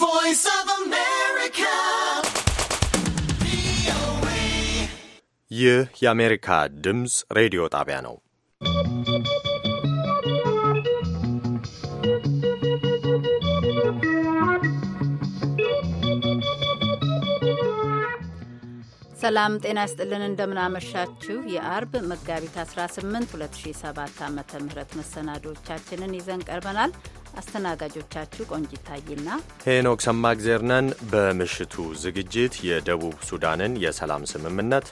voice of America. ይህ የአሜሪካ ድምፅ ሬዲዮ ጣቢያ ነው። ሰላም ጤና ይስጥልን። እንደምናመሻችሁ የአርብ መጋቢት 18 2007 ዓ ም መሰናዶቻችንን ይዘን ቀርበናል። አስተናጋጆቻችሁ ቆንጂት ታዬና ሄኖክ ሰማግዜር በምሽቱ ዝግጅት የደቡብ ሱዳንን የሰላም ስምምነት፣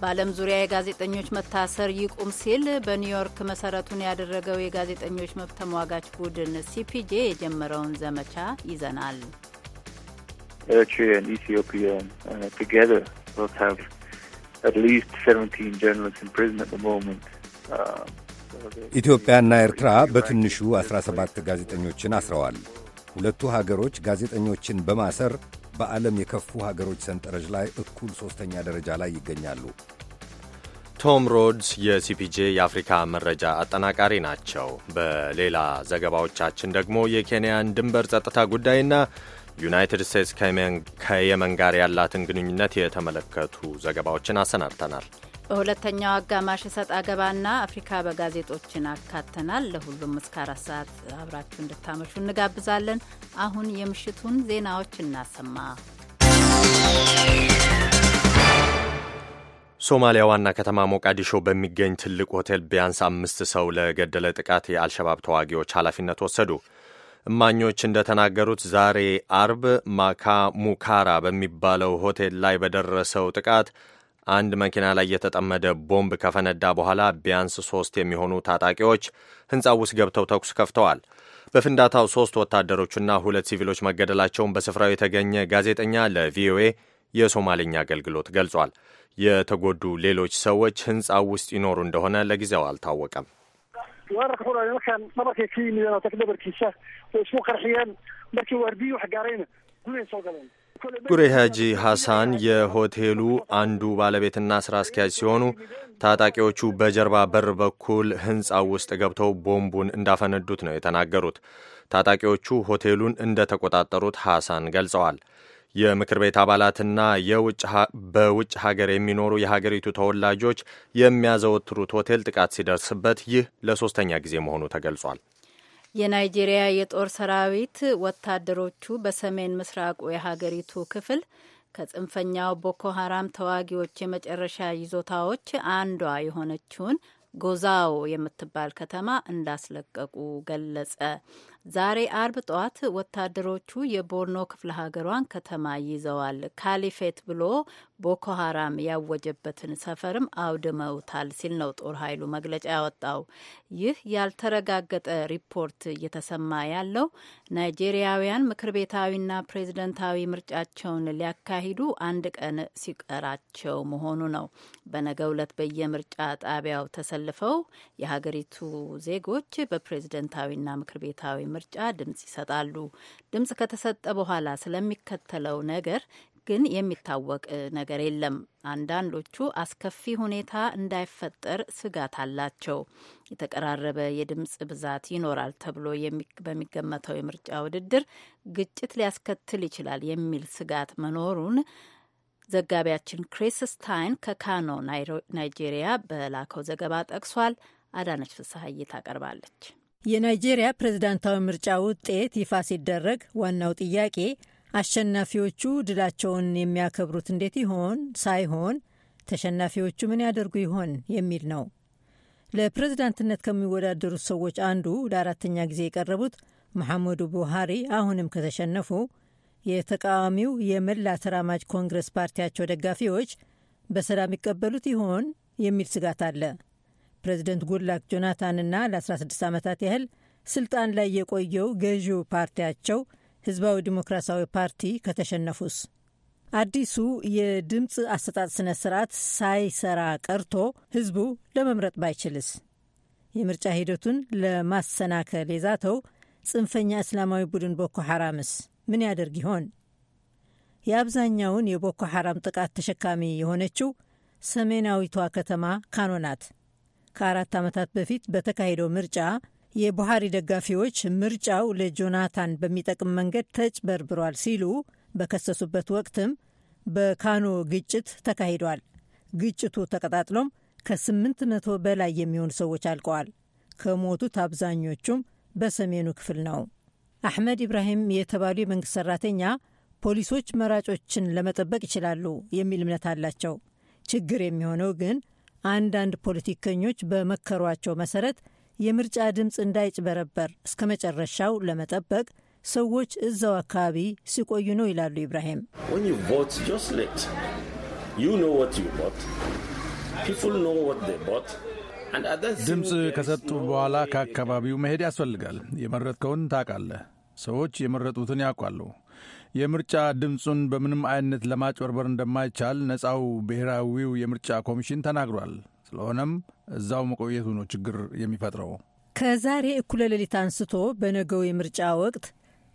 በዓለም ዙሪያ የጋዜጠኞች መታሰር ይቁም ሲል በኒውዮርክ መሰረቱን ያደረገው የጋዜጠኞች መብት ተሟጋች ቡድን ሲፒጄ የጀመረውን ዘመቻ ይዘናል። ኢትዮጵያና ኤርትራ በትንሹ 17 ጋዜጠኞችን አስረዋል። ሁለቱ ሀገሮች ጋዜጠኞችን በማሰር በዓለም የከፉ ሀገሮች ሰንጠረዥ ላይ እኩል ሦስተኛ ደረጃ ላይ ይገኛሉ። ቶም ሮድስ የሲፒጄ የአፍሪካ መረጃ አጠናቃሪ ናቸው። በሌላ ዘገባዎቻችን ደግሞ የኬንያን ድንበር ጸጥታ ጉዳይና ዩናይትድ ስቴትስ ከየመን ጋር ያላትን ግንኙነት የተመለከቱ ዘገባዎችን አሰናድተናል። በሁለተኛው አጋማሽ እሰጥ አገባና አፍሪካ በጋዜጦችን አካተናል። ለሁሉም እስከ አራት ሰዓት አብራችሁ እንድታመሹ እንጋብዛለን። አሁን የምሽቱን ዜናዎች እናሰማ። ሶማሊያ ዋና ከተማ ሞቃዲሾ በሚገኝ ትልቅ ሆቴል ቢያንስ አምስት ሰው ለገደለ ጥቃት የአልሸባብ ተዋጊዎች ኃላፊነት ወሰዱ። እማኞች እንደተናገሩት ዛሬ አርብ ማካ ሙካራ በሚባለው ሆቴል ላይ በደረሰው ጥቃት አንድ መኪና ላይ የተጠመደ ቦምብ ከፈነዳ በኋላ ቢያንስ ሶስት የሚሆኑ ታጣቂዎች ሕንፃ ውስጥ ገብተው ተኩስ ከፍተዋል። በፍንዳታው ሶስት ወታደሮችና ሁለት ሲቪሎች መገደላቸውን በስፍራው የተገኘ ጋዜጠኛ ለቪኦኤ የሶማሌኛ አገልግሎት ገልጿል። የተጎዱ ሌሎች ሰዎች ሕንፃው ውስጥ ይኖሩ እንደሆነ ለጊዜው አልታወቀም። ጉሬሃጂ ሐሳን የሆቴሉ አንዱ ባለቤትና ሥራ አስኪያጅ ሲሆኑ ታጣቂዎቹ በጀርባ በር በኩል ሕንፃው ውስጥ ገብተው ቦምቡን እንዳፈነዱት ነው የተናገሩት። ታጣቂዎቹ ሆቴሉን እንደተቆጣጠሩት ሐሳን ገልጸዋል። የምክር ቤት አባላትና በውጭ ሀገር የሚኖሩ የሀገሪቱ ተወላጆች የሚያዘወትሩት ሆቴል ጥቃት ሲደርስበት ይህ ለሦስተኛ ጊዜ መሆኑ ተገልጿል። የናይጄሪያ የጦር ሰራዊት ወታደሮቹ በሰሜን ምስራቁ የሀገሪቱ ክፍል ከጽንፈኛው ቦኮ ሀራም ተዋጊዎች የመጨረሻ ይዞታዎች አንዷ የሆነችውን ጎዛው የምትባል ከተማ እንዳስለቀቁ ገለጸ። ዛሬ አርብ ጠዋት ወታደሮቹ የቦርኖ ክፍለ ሀገሯን ከተማ ይዘዋል። ካሊፌት ብሎ ቦኮ ሀራም ያወጀበትን ሰፈርም አውድመውታል ሲል ነው ጦር ኃይሉ መግለጫ ያወጣው። ይህ ያልተረጋገጠ ሪፖርት እየተሰማ ያለው ናይጄሪያውያን ምክር ቤታዊና ፕሬዝደንታዊ ምርጫቸውን ሊያካሂዱ አንድ ቀን ሲቀራቸው መሆኑ ነው። በነገ ዕለት በየምርጫ ጣቢያው ተሰልፈው የሀገሪቱ ዜጎች በፕሬዝደንታዊና ምክር ቤታዊ ምርጫ ድምጽ ይሰጣሉ። ድምጽ ከተሰጠ በኋላ ስለሚከተለው ነገር ግን የሚታወቅ ነገር የለም። አንዳንዶቹ አስከፊ ሁኔታ እንዳይፈጠር ስጋት አላቸው። የተቀራረበ የድምፅ ብዛት ይኖራል ተብሎ በሚገመተው የምርጫ ውድድር ግጭት ሊያስከትል ይችላል የሚል ስጋት መኖሩን ዘጋቢያችን ክሪስ ስታይን ከካኖ ናይጄሪያ በላከው ዘገባ ጠቅሷል። አዳነች ፍስሐዬ ታቀርባለች። የናይጄሪያ ፕሬዝዳንታዊ ምርጫ ውጤት ይፋ ሲደረግ ዋናው ጥያቄ አሸናፊዎቹ ድላቸውን የሚያከብሩት እንዴት ይሆን ሳይሆን ተሸናፊዎቹ ምን ያደርጉ ይሆን የሚል ነው። ለፕሬዝዳንትነት ከሚወዳደሩት ሰዎች አንዱ ለአራተኛ ጊዜ የቀረቡት መሐመዱ ቡሃሪ አሁንም ከተሸነፉ የተቃዋሚው የመላ ተራማጅ ኮንግረስ ፓርቲያቸው ደጋፊዎች በሰላም ይቀበሉት ይሆን የሚል ስጋት አለ። ፕሬዚደንት ጉድላክ ጆናታንና ለ16 ዓመታት ያህል ስልጣን ላይ የቆየው ገዢው ፓርቲያቸው ህዝባዊ ዲሞክራሲያዊ ፓርቲ ከተሸነፉስ? አዲሱ የድምፅ አሰጣጥ ስነ ስርዓት ሳይሰራ ቀርቶ ህዝቡ ለመምረጥ ባይችልስ? የምርጫ ሂደቱን ለማሰናከል የዛተው ጽንፈኛ እስላማዊ ቡድን ቦኮ ሐራምስ ምን ያደርግ ይሆን? የአብዛኛውን የቦኮ ሐራም ጥቃት ተሸካሚ የሆነችው ሰሜናዊቷ ከተማ ካኖ ናት። ከአራት ዓመታት በፊት በተካሄደው ምርጫ የቡሃሪ ደጋፊዎች ምርጫው ለጆናታን በሚጠቅም መንገድ ተጭበርብሯል ሲሉ በከሰሱበት ወቅትም በካኖ ግጭት ተካሂዷል። ግጭቱ ተቀጣጥሎም ከስምንት መቶ በላይ የሚሆኑ ሰዎች አልቀዋል። ከሞቱት አብዛኞቹም በሰሜኑ ክፍል ነው። አሕመድ ኢብራሂም የተባሉ የመንግሥት ሠራተኛ ፖሊሶች መራጮችን ለመጠበቅ ይችላሉ የሚል እምነት አላቸው። ችግር የሚሆነው ግን አንዳንድ ፖለቲከኞች በመከሯቸው መሰረት የምርጫ ድምፅ እንዳይጭበረበር እስከ መጨረሻው ለመጠበቅ ሰዎች እዛው አካባቢ ሲቆዩ ነው ይላሉ ኢብራሂም። ድምፅ ከሰጡ በኋላ ከአካባቢው መሄድ ያስፈልጋል። የመረጥከውን ታውቃለህ። ሰዎች የመረጡትን ያውቋሉ። የምርጫ ድምፁን በምንም አይነት ለማጭበርበር እንደማይቻል ነፃው ብሔራዊው የምርጫ ኮሚሽን ተናግሯል። ስለሆነም እዛው መቆየቱ ነው ችግር የሚፈጥረው። ከዛሬ እኩለ ሌሊት አንስቶ በነገው የምርጫ ወቅት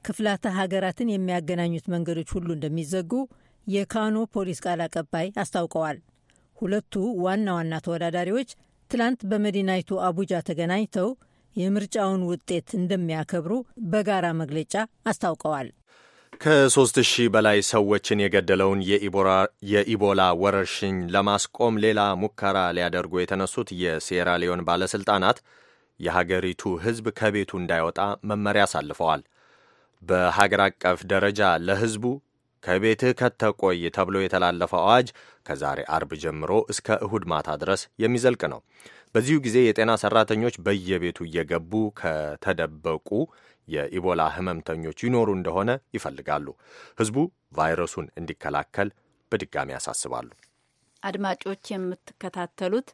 ክፍላተ ሀገራትን የሚያገናኙት መንገዶች ሁሉ እንደሚዘጉ የካኖ ፖሊስ ቃል አቀባይ አስታውቀዋል። ሁለቱ ዋና ዋና ተወዳዳሪዎች ትላንት በመዲናይቱ አቡጃ ተገናኝተው የምርጫውን ውጤት እንደሚያከብሩ በጋራ መግለጫ አስታውቀዋል። ከሦስት ሺህ በላይ ሰዎችን የገደለውን የኢቦላ ወረርሽኝ ለማስቆም ሌላ ሙከራ ሊያደርጉ የተነሱት የሴራ ሊዮን ባለሥልጣናት የሀገሪቱ ሕዝብ ከቤቱ እንዳይወጣ መመሪያ አሳልፈዋል። በሀገር አቀፍ ደረጃ ለሕዝቡ ከቤትህ ከተቆይ ተብሎ የተላለፈ አዋጅ ከዛሬ አርብ ጀምሮ እስከ እሁድ ማታ ድረስ የሚዘልቅ ነው። በዚሁ ጊዜ የጤና ሰራተኞች በየቤቱ እየገቡ ከተደበቁ የኢቦላ ህመምተኞች ይኖሩ እንደሆነ ይፈልጋሉ። ህዝቡ ቫይረሱን እንዲከላከል በድጋሚ ያሳስባሉ። አድማጮች የምትከታተሉት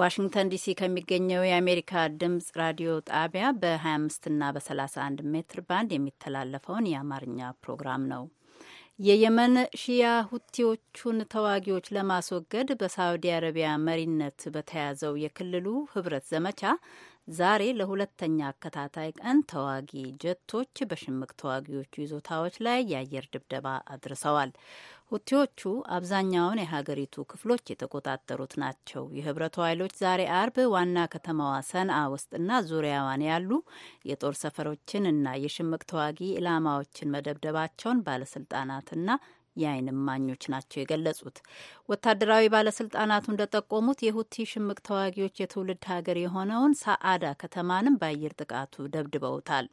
ዋሽንግተን ዲሲ ከሚገኘው የአሜሪካ ድምጽ ራዲዮ ጣቢያ በ25 እና በ31 ሜትር ባንድ የሚተላለፈውን የአማርኛ ፕሮግራም ነው። የየመን ሺያ ሁቲዎቹን ተዋጊዎች ለማስወገድ በሳውዲ አረቢያ መሪነት በተያዘው የክልሉ ህብረት ዘመቻ ዛሬ ለሁለተኛ አከታታይ ቀን ተዋጊ ጀቶች በሽምቅ ተዋጊዎቹ ይዞታዎች ላይ የአየር ድብደባ አድርሰዋል። ሁቲዎቹ አብዛኛውን የሀገሪቱ ክፍሎች የተቆጣጠሩት ናቸው። የህብረቱ ኃይሎች ዛሬ አርብ ዋና ከተማዋ ሰንአ ውስጥና ዙሪያዋን ያሉ የጦር ሰፈሮችን እና የሽምቅ ተዋጊ ኢላማዎችን መደብደባቸውን ባለስልጣናትና የአይን እማኞች ናቸው የገለጹት። ወታደራዊ ባለስልጣናቱ እንደጠቆሙት የሁቲ ሽምቅ ተዋጊዎች የትውልድ ሀገር የሆነውን ሳአዳ ከተማንም በአየር ጥቃቱ ደብድበውታል።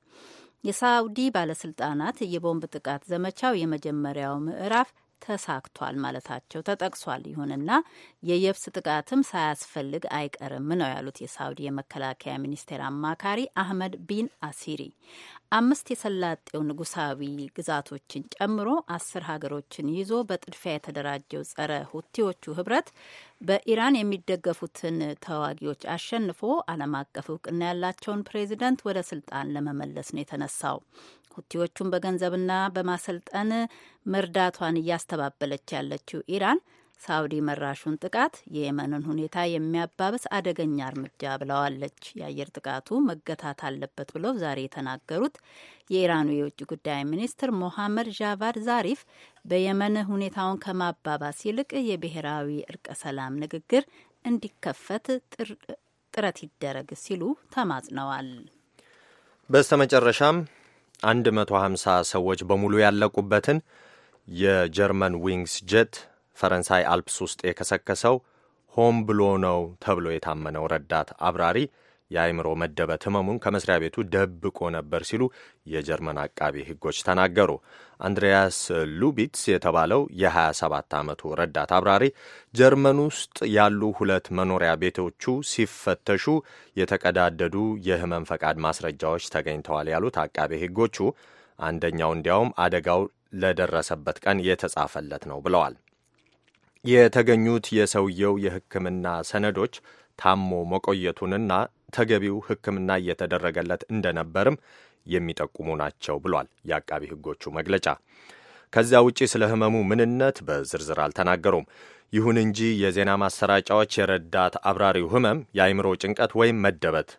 የሳውዲ ባለስልጣናት የቦምብ ጥቃት ዘመቻው የመጀመሪያው ምዕራፍ ተሳክቷል ማለታቸው ተጠቅሷል። ይሁንና የየብስ ጥቃትም ሳያስፈልግ አይቀርም ነው ያሉት የሳውዲ የመከላከያ ሚኒስቴር አማካሪ አህመድ ቢን አሲሪ። አምስት የሰላጤው ንጉሳዊ ግዛቶችን ጨምሮ አስር ሀገሮችን ይዞ በጥድፊያ የተደራጀው ጸረ ሁቲዎቹ ህብረት በኢራን የሚደገፉትን ተዋጊዎች አሸንፎ ዓለም አቀፍ እውቅና ያላቸውን ፕሬዚደንት ወደ ስልጣን ለመመለስ ነው የተነሳው። ሁቲዎቹን በገንዘብና በማሰልጠን መርዳቷን እያስተባበለች ያለችው ኢራን ሳውዲ መራሹን ጥቃት የየመንን ሁኔታ የሚያባብስ አደገኛ እርምጃ ብለዋለች። የአየር ጥቃቱ መገታት አለበት ብለው ዛሬ የተናገሩት የኢራኑ የውጭ ጉዳይ ሚኒስትር ሞሐመድ ዣቫድ ዛሪፍ በየመን ሁኔታውን ከማባባስ ይልቅ የብሔራዊ እርቀ ሰላም ንግግር እንዲከፈት ጥረት ይደረግ ሲሉ ተማጽነዋል። መጨረሻም 150 ሰዎች በሙሉ ያለቁበትን የጀርመን ዊንግስ ጀት ፈረንሳይ አልፕስ ውስጥ የከሰከሰው ሆም ብሎ ነው ተብሎ የታመነው ረዳት አብራሪ የአእምሮ መደበት ህመሙን ከመስሪያ ቤቱ ደብቆ ነበር ሲሉ የጀርመን አቃቢ ህጎች ተናገሩ። አንድሪያስ ሉቢትስ የተባለው የ27 ዓመቱ ረዳት አብራሪ ጀርመን ውስጥ ያሉ ሁለት መኖሪያ ቤቶቹ ሲፈተሹ የተቀዳደዱ የህመም ፈቃድ ማስረጃዎች ተገኝተዋል ያሉት አቃቢ ህጎቹ አንደኛው እንዲያውም አደጋው ለደረሰበት ቀን የተጻፈለት ነው ብለዋል። የተገኙት የሰውየው የሕክምና ሰነዶች ታሞ መቆየቱንና ተገቢው ሕክምና እየተደረገለት እንደነበርም የሚጠቁሙ ናቸው ብሏል የአቃቢ ሕጎቹ መግለጫ። ከዚያ ውጪ ስለ ህመሙ ምንነት በዝርዝር አልተናገሩም። ይሁን እንጂ የዜና ማሰራጫዎች የረዳት አብራሪው ህመም የአይምሮ ጭንቀት ወይም መደበት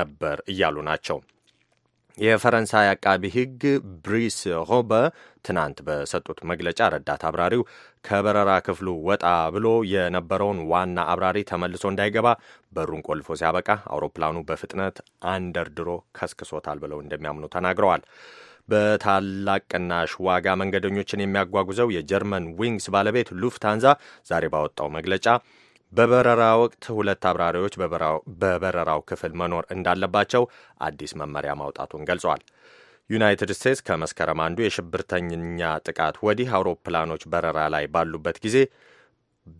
ነበር እያሉ ናቸው። የፈረንሳይ አቃቢ ሕግ ብሪስ ሆበ ትናንት በሰጡት መግለጫ ረዳት አብራሪው ከበረራ ክፍሉ ወጣ ብሎ የነበረውን ዋና አብራሪ ተመልሶ እንዳይገባ በሩን ቆልፎ ሲያበቃ አውሮፕላኑ በፍጥነት አንደርድሮ ከስክሶታል ብለው እንደሚያምኑ ተናግረዋል። በታላቅ ቅናሽ ዋጋ መንገደኞችን የሚያጓጉዘው የጀርመን ዊንግስ ባለቤት ሉፍታንዛ ዛሬ ባወጣው መግለጫ በበረራ ወቅት ሁለት አብራሪዎች በበረራው ክፍል መኖር እንዳለባቸው አዲስ መመሪያ ማውጣቱን ገልጿል። ዩናይትድ ስቴትስ ከመስከረም አንዱ የሽብርተኛ ጥቃት ወዲህ አውሮፕላኖች በረራ ላይ ባሉበት ጊዜ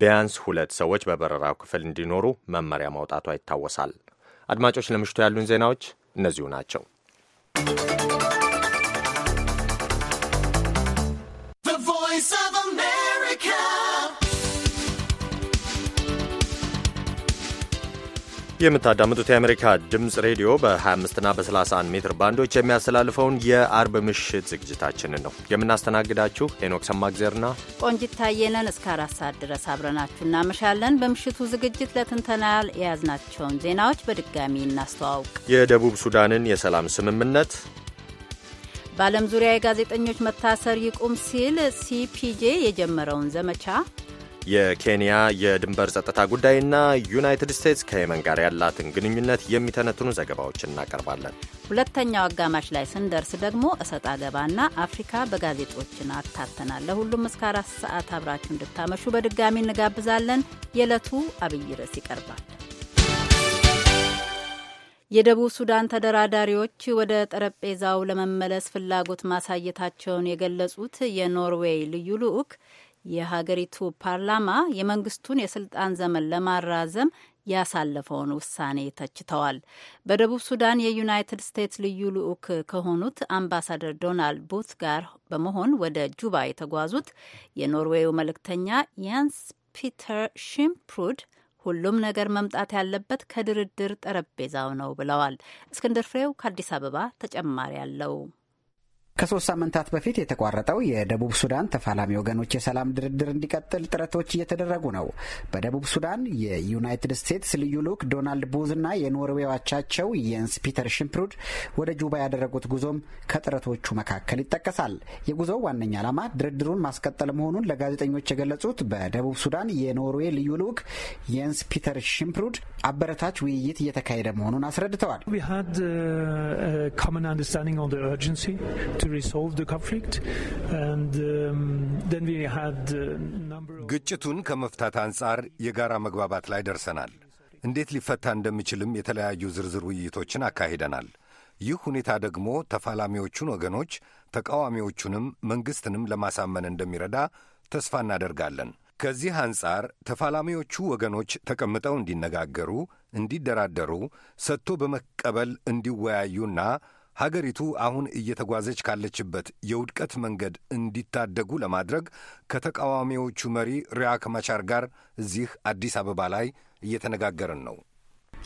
ቢያንስ ሁለት ሰዎች በበረራው ክፍል እንዲኖሩ መመሪያ ማውጣቷ ይታወሳል። አድማጮች፣ ለምሽቱ ያሉን ዜናዎች እነዚሁ ናቸው። የምታዳምጡት የአሜሪካ ድምፅ ሬዲዮ በ25ና በ31 ሜትር ባንዶች የሚያስተላልፈውን የአርብ ምሽት ዝግጅታችንን ነው የምናስተናግዳችሁ። ሄኖክ ሰማግዜርና ቆንጂት ታየነን እስከ አራት ሰዓት ድረስ አብረናችሁ እናመሻለን። በምሽቱ ዝግጅት ለትንተና የያዝናቸውን ዜናዎች በድጋሚ እናስተዋውቅ። የደቡብ ሱዳንን የሰላም ስምምነት በዓለም ዙሪያ የጋዜጠኞች መታሰር ይቁም ሲል ሲፒጄ የጀመረውን ዘመቻ የኬንያ የድንበር ጸጥታ ጉዳይና ዩናይትድ ስቴትስ ከየመን ጋር ያላትን ግንኙነት የሚተነትኑ ዘገባዎች እናቀርባለን። ሁለተኛው አጋማሽ ላይ ስንደርስ ደግሞ እሰጥ አገባና አፍሪካ በጋዜጦችን አካተናል። ለሁሉም እስከ አራት ሰዓት አብራችሁ እንድታመሹ በድጋሚ እንጋብዛለን። የዕለቱ አብይ ርዕስ ይቀርባል። የደቡብ ሱዳን ተደራዳሪዎች ወደ ጠረጴዛው ለመመለስ ፍላጎት ማሳየታቸውን የገለጹት የኖርዌይ ልዩ ልዑክ የሀገሪቱ ፓርላማ የመንግስቱን የስልጣን ዘመን ለማራዘም ያሳለፈውን ውሳኔ ተችተዋል። በደቡብ ሱዳን የዩናይትድ ስቴትስ ልዩ ልዑክ ከሆኑት አምባሳደር ዶናልድ ቡት ጋር በመሆን ወደ ጁባ የተጓዙት የኖርዌዩ መልእክተኛ ያንስ ፒተር ሽምፕሩድ ሁሉም ነገር መምጣት ያለበት ከድርድር ጠረጴዛው ነው ብለዋል። እስክንድር ፍሬው ከአዲስ አበባ ተጨማሪ አለው። ከሶስት ሳምንታት በፊት የተቋረጠው የደቡብ ሱዳን ተፋላሚ ወገኖች የሰላም ድርድር እንዲቀጥል ጥረቶች እየተደረጉ ነው። በደቡብ ሱዳን የዩናይትድ ስቴትስ ልዩ ልዑክ ዶናልድ ቡዝና ና አቻቸው የንስ ፒተር ሽምፕሩድ ወደ ጁባ ያደረጉት ጉዞም ከጥረቶቹ መካከል ይጠቀሳል። የጉዞው ዋነኛ ዓላማ ድርድሩን ማስቀጠል መሆኑን ለጋዜጠኞች የገለጹት በደቡብ ሱዳን የኖርዌ ልዩ ልዑክ የንስ ፒተር ሽምፕሩድ አበረታች ውይይት እየተካሄደ መሆኑን አስረድተዋል። Um, uh, ግጭቱን ከመፍታት አንጻር የጋራ መግባባት ላይ ደርሰናል። እንዴት ሊፈታ እንደሚችልም የተለያዩ ዝርዝር ውይይቶችን አካሂደናል። ይህ ሁኔታ ደግሞ ተፋላሚዎቹን ወገኖች፣ ተቃዋሚዎቹንም መንግሥትንም ለማሳመን እንደሚረዳ ተስፋ እናደርጋለን። ከዚህ አንጻር ተፋላሚዎቹ ወገኖች ተቀምጠው እንዲነጋገሩ፣ እንዲደራደሩ፣ ሰጥቶ በመቀበል እንዲወያዩና ሀገሪቱ አሁን እየተጓዘች ካለችበት የውድቀት መንገድ እንዲታደጉ ለማድረግ ከተቃዋሚዎቹ መሪ ሪያክ ማቻር ጋር እዚህ አዲስ አበባ ላይ እየተነጋገርን ነው።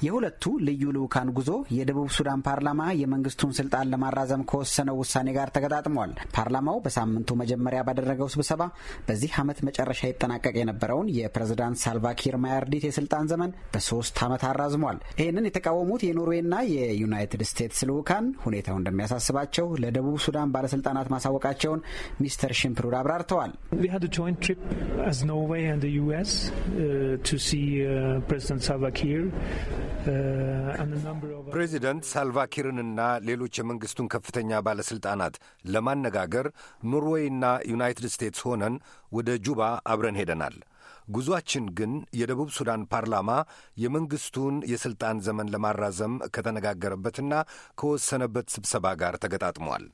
የሁለቱ ልዩ ልዑካን ጉዞ የደቡብ ሱዳን ፓርላማ የመንግስቱን ስልጣን ለማራዘም ከወሰነው ውሳኔ ጋር ተገጣጥሟል። ፓርላማው በሳምንቱ መጀመሪያ ባደረገው ስብሰባ በዚህ ዓመት መጨረሻ ይጠናቀቅ የነበረውን የፕሬዝዳንት ሳልቫኪር ማያርዲት የስልጣን ዘመን በሶስት ዓመት አራዝሟል። ይህንን የተቃወሙት የኖርዌይና የዩናይትድ ስቴትስ ልዑካን ሁኔታው እንደሚያሳስባቸው ለደቡብ ሱዳን ባለስልጣናት ማሳወቃቸውን ሚስተር ሽምፕሩድ አብራርተዋል። ኖርዌይ ፕሬዚደንት ሳልቫኪርንና ሌሎች የመንግስቱን ከፍተኛ ባለሥልጣናት ለማነጋገር ኖርዌይና ዩናይትድ ስቴትስ ሆነን ወደ ጁባ አብረን ሄደናል። ጉዟችን ግን የደቡብ ሱዳን ፓርላማ የመንግስቱን የሥልጣን ዘመን ለማራዘም ከተነጋገረበትና ከወሰነበት ስብሰባ ጋር ተገጣጥሟል።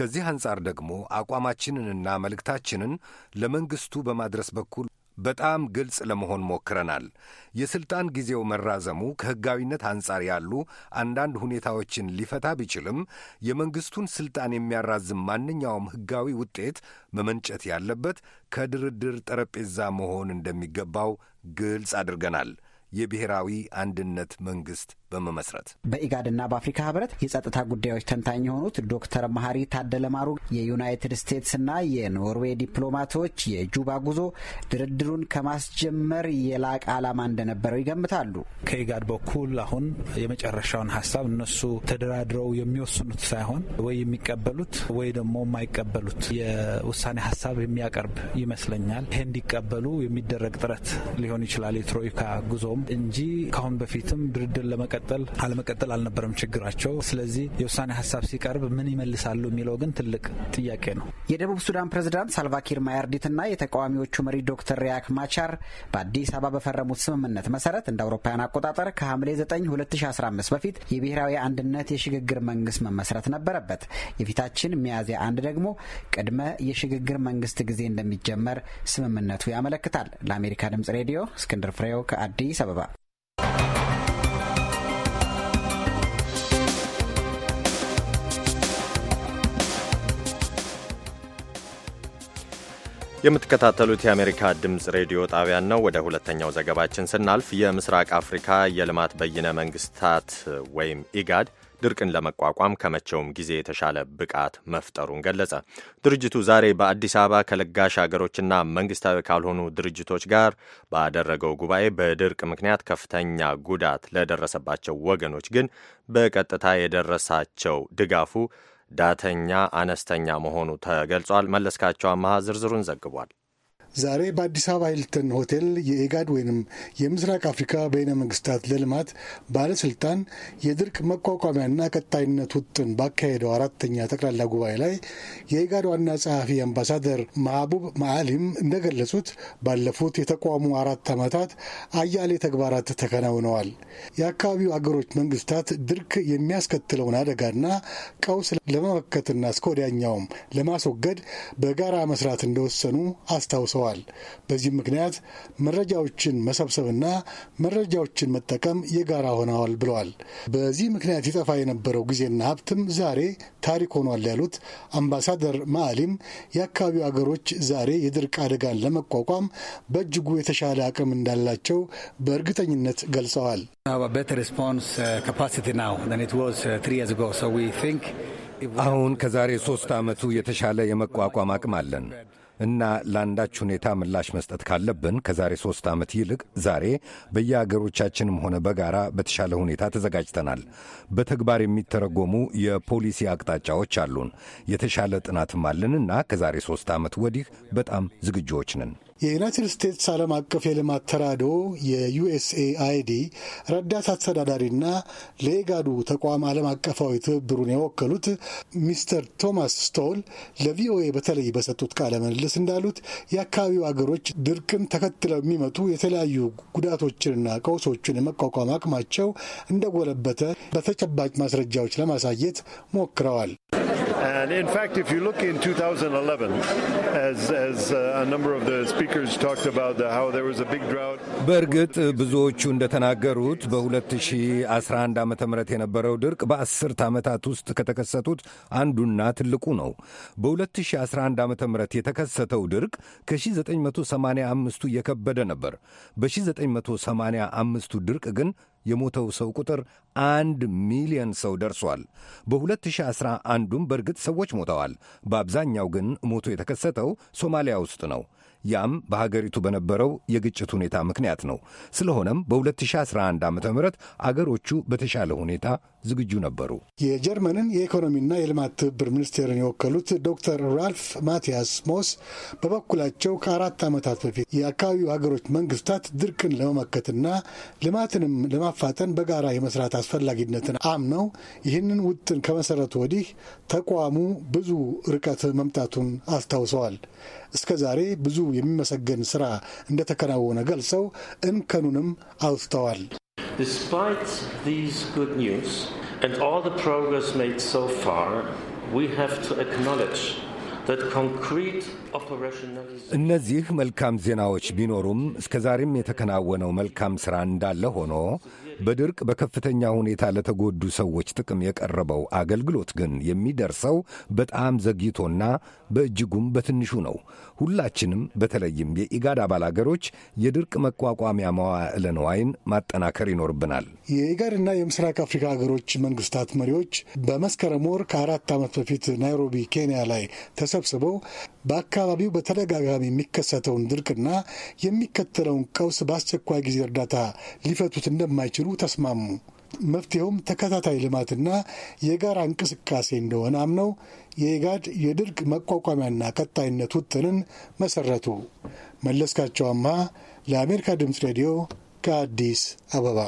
ከዚህ አንጻር ደግሞ አቋማችንንና መልእክታችንን ለመንግስቱ በማድረስ በኩል በጣም ግልጽ ለመሆን ሞክረናል። የስልጣን ጊዜው መራዘሙ ከህጋዊነት አንጻር ያሉ አንዳንድ ሁኔታዎችን ሊፈታ ቢችልም የመንግስቱን ስልጣን የሚያራዝም ማንኛውም ህጋዊ ውጤት መመንጨት ያለበት ከድርድር ጠረጴዛ መሆን እንደሚገባው ግልጽ አድርገናል። የብሔራዊ አንድነት መንግስት በመመስረት በኢጋድና በአፍሪካ ህብረት የጸጥታ ጉዳዮች ተንታኝ የሆኑት ዶክተር መሀሪ ታደለ ማሩ የዩናይትድ ስቴትስና የኖርዌይ ዲፕሎማቶች የጁባ ጉዞ ድርድሩን ከማስጀመር የላቀ ዓላማ እንደነበረው ይገምታሉ። ከኢጋድ በኩል አሁን የመጨረሻውን ሀሳብ እነሱ ተደራድረው የሚወስኑት ሳይሆን ወይ የሚቀበሉት ወይ ደግሞ የማይቀበሉት የውሳኔ ሀሳብ የሚያቀርብ ይመስለኛል። ይሄ እንዲቀበሉ የሚደረግ ጥረት ሊሆን ይችላል የትሮይካ ጉዞም እንጂ ከአሁን በፊትም ድርድር ለመቀ መቀጠል አለመቀጠል አልነበረም ችግራቸው። ስለዚህ የውሳኔ ሀሳብ ሲቀርብ ምን ይመልሳሉ የሚለው ግን ትልቅ ጥያቄ ነው። የደቡብ ሱዳን ፕሬዝዳንት ሳልቫኪር ማያርዲትና የተቃዋሚዎቹ መሪ ዶክተር ሪያክ ማቻር በአዲስ አበባ በፈረሙት ስምምነት መሰረት እንደ አውሮፓውያን አቆጣጠር ከሐምሌ 9 2015 በፊት የብሔራዊ አንድነት የሽግግር መንግስት መመስረት ነበረበት። የፊታችን ሚያዝያ አንድ ደግሞ ቅድመ የሽግግር መንግስት ጊዜ እንደሚጀመር ስምምነቱ ያመለክታል። ለአሜሪካ ድምጽ ሬዲዮ እስክንድር ፍሬው ከአዲስ አበባ የምትከታተሉት የአሜሪካ ድምፅ ሬዲዮ ጣቢያን ነው። ወደ ሁለተኛው ዘገባችን ስናልፍ የምስራቅ አፍሪካ የልማት በይነ መንግስታት ወይም ኢጋድ ድርቅን ለመቋቋም ከመቼውም ጊዜ የተሻለ ብቃት መፍጠሩን ገለጸ። ድርጅቱ ዛሬ በአዲስ አበባ ከለጋሽ አገሮችና መንግስታዊ ካልሆኑ ድርጅቶች ጋር ባደረገው ጉባኤ በድርቅ ምክንያት ከፍተኛ ጉዳት ለደረሰባቸው ወገኖች ግን በቀጥታ የደረሳቸው ድጋፉ ዳተኛ አነስተኛ መሆኑ ተገልጿል። መለስካቸው አመሃ ዝርዝሩን ዘግቧል። ዛሬ በአዲስ አበባ ሂልተን ሆቴል የኤጋድ ወይንም የምስራቅ አፍሪካ በይነ መንግስታት ለልማት ባለስልጣን የድርቅ መቋቋሚያና ቀጣይነት ውጥን ባካሄደው አራተኛ ጠቅላላ ጉባኤ ላይ የኤጋድ ዋና ጸሐፊ አምባሳደር ማህቡብ ማአሊም እንደገለጹት ባለፉት የተቋሙ አራት ዓመታት አያሌ ተግባራት ተከናውነዋል። የአካባቢው አገሮች መንግስታት ድርቅ የሚያስከትለውን አደጋና ቀውስ ለመመከትና እስከ ወዲያኛውም ለማስወገድ በጋራ መስራት እንደወሰኑ አስታውሰዋል። አብዝተዋል። በዚህም ምክንያት መረጃዎችን መሰብሰብና መረጃዎችን መጠቀም የጋራ ሆነዋል ብለዋል። በዚህ ምክንያት ይጠፋ የነበረው ጊዜና ሀብትም ዛሬ ታሪክ ሆኗል ያሉት አምባሳደር ማዕሊም የአካባቢው አገሮች ዛሬ የድርቅ አደጋን ለመቋቋም በእጅጉ የተሻለ አቅም እንዳላቸው በእርግጠኝነት ገልጸዋል። አሁን ከዛሬ ሶስት ዓመቱ የተሻለ የመቋቋም አቅም አለን። እና ለአንዳች ሁኔታ ምላሽ መስጠት ካለብን ከዛሬ ሶስት ዓመት ይልቅ ዛሬ በየአገሮቻችንም ሆነ በጋራ በተሻለ ሁኔታ ተዘጋጅተናል። በተግባር የሚተረጎሙ የፖሊሲ አቅጣጫዎች አሉን። የተሻለ ጥናትም አለንና ከዛሬ ሶስት ዓመት ወዲህ በጣም ዝግጁዎች ነን። የዩናይትድ ስቴትስ ዓለም አቀፍ የልማት ተራድኦ የዩኤስኤ አይዲ ረዳት አስተዳዳሪና ለኤጋዱ ተቋም ዓለም አቀፋዊ ትብብሩን የወከሉት ሚስተር ቶማስ ስቶል ለቪኦኤ በተለይ በሰጡት ቃለ ምልልስ እንዳሉት የአካባቢው አገሮች ድርቅን ተከትለው የሚመጡ የተለያዩ ጉዳቶችንና ቀውሶችን የመቋቋም አቅማቸው እንደጎለበተ በተጨባጭ ማስረጃዎች ለማሳየት ሞክረዋል። And in fact, if you look in 2011, as, as uh, a number of the speakers talked about how there was a big drought. በእርግጥ ብዙዎቹ እንደተናገሩት በ2011 ዓ ም የነበረው ድርቅ በአስርት ዓመታት ውስጥ ከተከሰቱት አንዱና ትልቁ ነው። በ2011 ዓ ም የተከሰተው ድርቅ ከ1985ቱ እየከበደ ነበር። በ1985ቱ ድርቅ ግን የሞተው ሰው ቁጥር አንድ ሚሊዮን ሰው ደርሷል። በ2011ዱም በእርግጥ ሰዎች ሞተዋል። በአብዛኛው ግን ሞቱ የተከሰተው ሶማሊያ ውስጥ ነው። ያም በሀገሪቱ በነበረው የግጭት ሁኔታ ምክንያት ነው። ስለሆነም በ2011 ዓ ም አገሮቹ በተሻለ ሁኔታ ዝግጁ ነበሩ። የጀርመንን የኢኮኖሚና የልማት ትብብር ሚኒስቴርን የወከሉት ዶክተር ራልፍ ማቲያስ ሞስ በበኩላቸው ከአራት ዓመታት በፊት የአካባቢው ሀገሮች መንግስታት ድርቅን ለመመከትና ልማትንም ለማፋጠን በጋራ የመስራት አስፈላጊነትን አምነው ይህንን ውጥን ከመሰረቱ ወዲህ ተቋሙ ብዙ ርቀት መምጣቱን አስታውሰዋል። እስከ ዛሬ ብዙ የሚመሰገን ስራ እንደተከናወነ ገልጸው እንከኑንም አውስተዋል። Despite these good news and all the progress made so far, we have to acknowledge that concrete እነዚህ መልካም ዜናዎች ቢኖሩም እስከ ዛሬም የተከናወነው መልካም ሥራ እንዳለ ሆኖ በድርቅ በከፍተኛ ሁኔታ ለተጎዱ ሰዎች ጥቅም የቀረበው አገልግሎት ግን የሚደርሰው በጣም ዘግይቶና በእጅጉም በትንሹ ነው። ሁላችንም በተለይም የኢጋድ አባል አገሮች የድርቅ መቋቋሚያ መዋዕለ ንዋይን ማጠናከር ይኖርብናል። የኢጋድና የምስራቅ አፍሪካ አገሮች መንግስታት መሪዎች በመስከረም ወር ከአራት ዓመት በፊት ናይሮቢ ኬንያ ላይ ተሰብስበው በአካባቢው በተደጋጋሚ የሚከሰተውን ድርቅና የሚከተለውን ቀውስ በአስቸኳይ ጊዜ እርዳታ ሊፈቱት እንደማይችሉ ተስማሙ። መፍትሄውም ተከታታይ ልማትና የጋራ እንቅስቃሴ እንደሆነ አምነው የኢጋድ የድርቅ መቋቋሚያና ቀጣይነት ውጥንን መሰረቱ። መለስካቸው አምሃ ለአሜሪካ ድምፅ ሬዲዮ ከአዲስ አበባ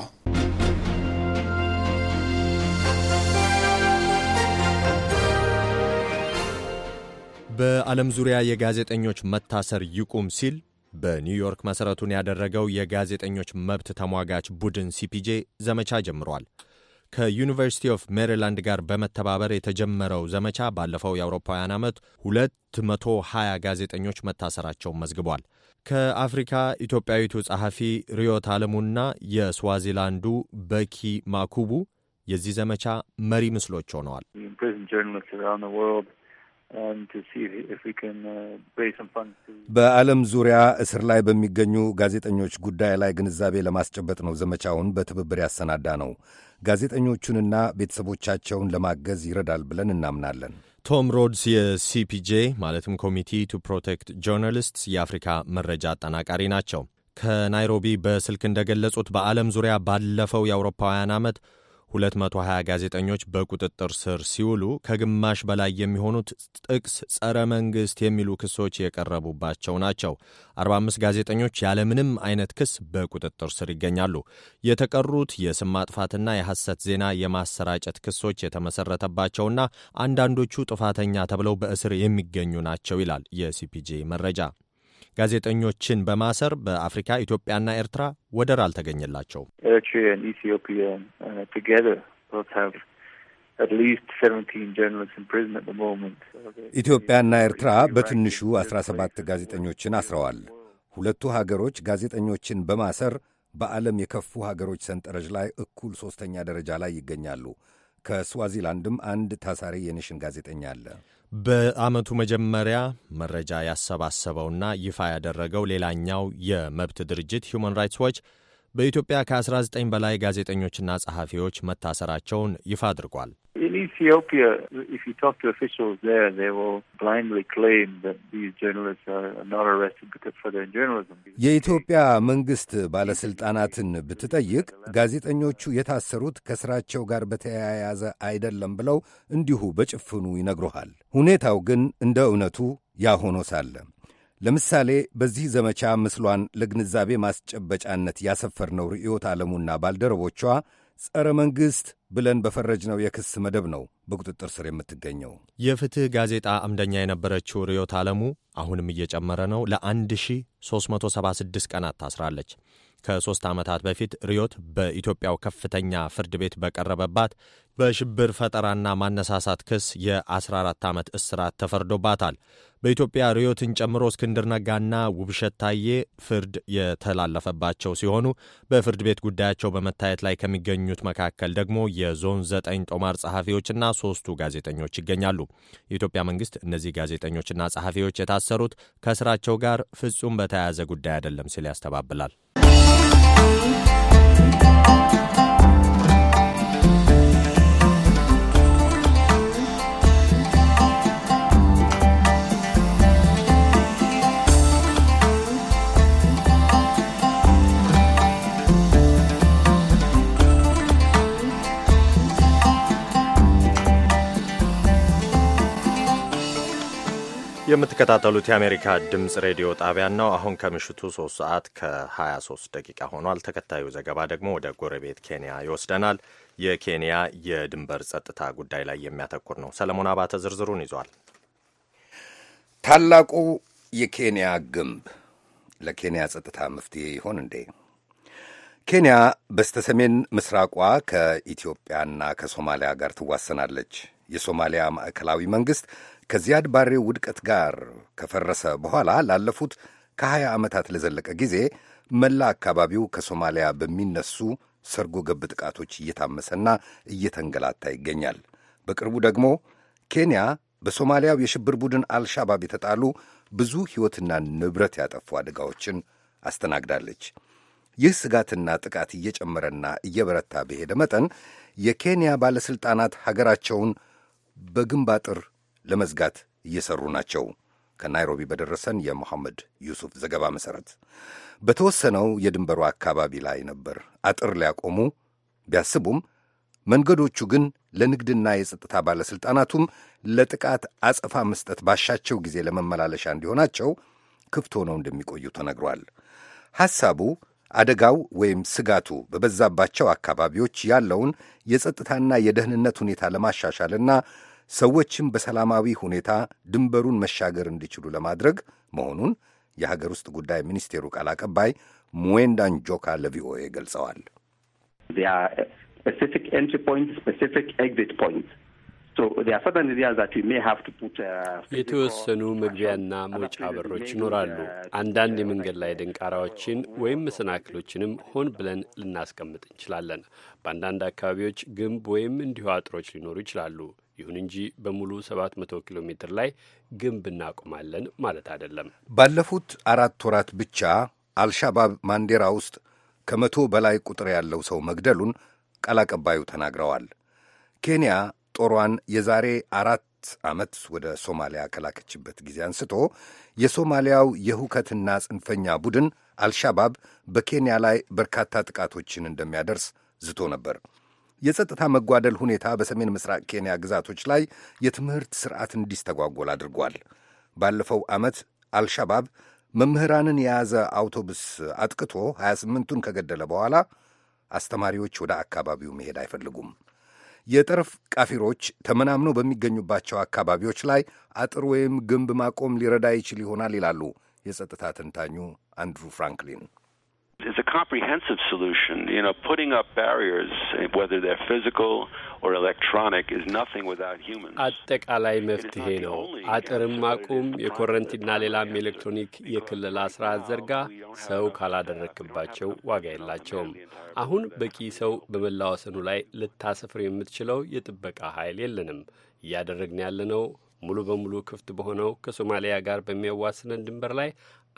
በዓለም ዙሪያ የጋዜጠኞች መታሰር ይቁም ሲል በኒውዮርክ መሠረቱን ያደረገው የጋዜጠኞች መብት ተሟጋች ቡድን ሲፒጄ ዘመቻ ጀምሯል። ከዩኒቨርሲቲ ኦፍ ሜሪላንድ ጋር በመተባበር የተጀመረው ዘመቻ ባለፈው የአውሮፓውያን ዓመት 220 ጋዜጠኞች መታሰራቸውን መዝግቧል። ከአፍሪካ ኢትዮጵያዊቱ ጸሐፊ ሪዮት አለሙና የስዋዚላንዱ በኪ ማኩቡ የዚህ ዘመቻ መሪ ምስሎች ሆነዋል። Uh, በዓለም ዙሪያ እስር ላይ በሚገኙ ጋዜጠኞች ጉዳይ ላይ ግንዛቤ ለማስጨበጥ ነው ዘመቻውን በትብብር ያሰናዳ ነው። ጋዜጠኞቹንና ቤተሰቦቻቸውን ለማገዝ ይረዳል ብለን እናምናለን። ቶም ሮድስ የሲፒጄ ማለትም ኮሚቲ ቱ ፕሮቴክት ጆርናሊስትስ የአፍሪካ መረጃ አጠናቃሪ ናቸው። ከናይሮቢ በስልክ እንደገለጹት በዓለም ዙሪያ ባለፈው የአውሮፓውያን ዓመት 220 ጋዜጠኞች በቁጥጥር ስር ሲውሉ ከግማሽ በላይ የሚሆኑት ጥቅስ ጸረ መንግሥት የሚሉ ክሶች የቀረቡባቸው ናቸው። 45 ጋዜጠኞች ያለምንም አይነት ክስ በቁጥጥር ስር ይገኛሉ። የተቀሩት የስም ማጥፋትና የሐሰት ዜና የማሰራጨት ክሶች የተመሠረተባቸውና አንዳንዶቹ ጥፋተኛ ተብለው በእስር የሚገኙ ናቸው ይላል የሲፒጄ መረጃ። ጋዜጠኞችን በማሰር በአፍሪካ ኢትዮጵያና ኤርትራ ወደር አልተገኘላቸውም። uh, ኢትዮጵያና ኤርትራ በትንሹ አስራ ሰባት ጋዜጠኞችን አስረዋል። ሁለቱ ሀገሮች ጋዜጠኞችን በማሰር በዓለም የከፉ ሀገሮች ሰንጠረዥ ላይ እኩል ሦስተኛ ደረጃ ላይ ይገኛሉ። ከስዋዚላንድም አንድ ታሳሪ የኔሽን ጋዜጠኛ አለ። በዓመቱ መጀመሪያ መረጃ ያሰባሰበውና ይፋ ያደረገው ሌላኛው የመብት ድርጅት ሁማን ራይትስ ዋች በኢትዮጵያ ከ19 በላይ ጋዜጠኞችና ጸሐፊዎች መታሰራቸውን ይፋ አድርጓል። የኢትዮጵያ መንግሥት ባለሥልጣናትን ብትጠይቅ ጋዜጠኞቹ የታሰሩት ከሥራቸው ጋር በተያያዘ አይደለም ብለው እንዲሁ በጭፍኑ ይነግሩሃል። ሁኔታው ግን እንደ እውነቱ ያ ሆኖ ለምሳሌ በዚህ ዘመቻ ምስሏን ለግንዛቤ ማስጨበጫነት ያሰፈርነው ርዕዮት ዓለሙና ባልደረቦቿ ጸረ መንግሥት ብለን በፈረጅነው የክስ መደብ ነው በቁጥጥር ስር የምትገኘው። የፍትህ ጋዜጣ አምደኛ የነበረችው ርዮት ዓለሙ አሁንም እየጨመረ ነው፣ ለ1376 ቀናት ታስራለች። ከሦስት ዓመታት በፊት ርዮት በኢትዮጵያው ከፍተኛ ፍርድ ቤት በቀረበባት በሽብር ፈጠራና ማነሳሳት ክስ የ14 ዓመት እስራት ተፈርዶባታል። በኢትዮጵያ ርዮትን ጨምሮ እስክንድር ነጋና ውብሸት ታዬ ፍርድ የተላለፈባቸው ሲሆኑ በፍርድ ቤት ጉዳያቸው በመታየት ላይ ከሚገኙት መካከል ደግሞ የዞን ዘጠኝ ጦማር ጸሐፊዎችና ሶስቱ ጋዜጠኞች ይገኛሉ። የኢትዮጵያ መንግስት እነዚህ ጋዜጠኞችና ጸሐፊዎች የታሰሩት ከስራቸው ጋር ፍጹም በተያያዘ ጉዳይ አይደለም ሲል ያስተባብላል። የምትከታተሉት የአሜሪካ ድምፅ ሬዲዮ ጣቢያን ነው። አሁን ከምሽቱ 3 ሰዓት ከ23 ደቂቃ ሆኗል። ተከታዩ ዘገባ ደግሞ ወደ ጎረቤት ኬንያ ይወስደናል። የኬንያ የድንበር ጸጥታ ጉዳይ ላይ የሚያተኩር ነው። ሰለሞን አባተ ዝርዝሩን ይዟል። ታላቁ የኬንያ ግንብ ለኬንያ ጸጥታ መፍትሄ ይሆን እንዴ? ኬንያ በስተሰሜን ምስራቋ ከኢትዮጵያና ከሶማሊያ ጋር ትዋሰናለች። የሶማሊያ ማዕከላዊ መንግሥት ከዚያድ ባሬ ውድቀት ጋር ከፈረሰ በኋላ ላለፉት ከ20 ዓመታት ለዘለቀ ጊዜ መላ አካባቢው ከሶማሊያ በሚነሱ ሰርጎ ገብ ጥቃቶች እየታመሰና እየተንገላታ ይገኛል። በቅርቡ ደግሞ ኬንያ በሶማሊያው የሽብር ቡድን አልሻባብ የተጣሉ ብዙ ሕይወትና ንብረት ያጠፉ አደጋዎችን አስተናግዳለች። ይህ ስጋትና ጥቃት እየጨመረና እየበረታ በሄደ መጠን የኬንያ ባለሥልጣናት ሀገራቸውን በግንብ አጥር ለመዝጋት እየሰሩ ናቸው። ከናይሮቢ በደረሰን የመሐመድ ዩሱፍ ዘገባ መሠረት በተወሰነው የድንበሩ አካባቢ ላይ ነበር አጥር ሊያቆሙ ቢያስቡም መንገዶቹ ግን ለንግድና የጸጥታ ባለሥልጣናቱም ለጥቃት አጸፋ መስጠት ባሻቸው ጊዜ ለመመላለሻ እንዲሆናቸው ክፍት ሆነው እንደሚቆዩ ተነግሯል። ሐሳቡ አደጋው ወይም ስጋቱ በበዛባቸው አካባቢዎች ያለውን የጸጥታና የደህንነት ሁኔታ ለማሻሻልና ሰዎችም በሰላማዊ ሁኔታ ድንበሩን መሻገር እንዲችሉ ለማድረግ መሆኑን የሀገር ውስጥ ጉዳይ ሚኒስቴሩ ቃል አቀባይ ሙዌንዳን ጆካ ለቪኦኤ ገልጸዋል። uh, የተወሰኑ መግቢያና uh, መውጫ በሮች ይኖራሉ። uh, አንዳንድ የመንገድ ላይ ደንቃራዎችን ወይም መሰናክሎችንም ሆን ብለን ልናስቀምጥ እንችላለን። በአንዳንድ አካባቢዎች ግንብ ወይም እንዲሁ አጥሮች ሊኖሩ ይችላሉ። ይሁን እንጂ በሙሉ 700 ኪሎ ሜትር ላይ ግንብ እናቆማለን ማለት አይደለም። ባለፉት አራት ወራት ብቻ አልሻባብ ማንዴራ ውስጥ ከመቶ በላይ ቁጥር ያለው ሰው መግደሉን ቃል አቀባዩ ተናግረዋል። ኬንያ ጦሯን የዛሬ አራት ዓመት ወደ ሶማሊያ ከላከችበት ጊዜ አንስቶ የሶማሊያው የሁከትና ጽንፈኛ ቡድን አልሻባብ በኬንያ ላይ በርካታ ጥቃቶችን እንደሚያደርስ ዝቶ ነበር። የጸጥታ መጓደል ሁኔታ በሰሜን ምስራቅ ኬንያ ግዛቶች ላይ የትምህርት ስርዓት እንዲስተጓጎል አድርጓል። ባለፈው ዓመት አልሻባብ መምህራንን የያዘ አውቶቡስ አጥቅቶ 28ቱን ከገደለ በኋላ አስተማሪዎች ወደ አካባቢው መሄድ አይፈልጉም። የጠረፍ ቃፊሮች ተመናምነው በሚገኙባቸው አካባቢዎች ላይ አጥር ወይም ግንብ ማቆም ሊረዳ ይችል ይሆናል ይላሉ የጸጥታ ተንታኙ አንድሩ ፍራንክሊን። is a comprehensive solution. You know, putting up barriers, whether they're physical or electronic, is nothing without humans. አጠቃላይ መፍትሄ ነው። አጥርም ማቁም፣ የኮረንቲና ሌላም ኤሌክትሮኒክ የክልል ስርዓት ዘርጋ። ሰው ካላደረክባቸው ዋጋ የላቸውም። አሁን በቂ ሰው በመላ ወሰኑ ላይ ልታሰፍር የምትችለው የጥበቃ ኃይል የለንም። እያደረግን ያለነው ሙሉ በሙሉ ክፍት በሆነው ከሶማሊያ ጋር በሚያዋስነን ድንበር ላይ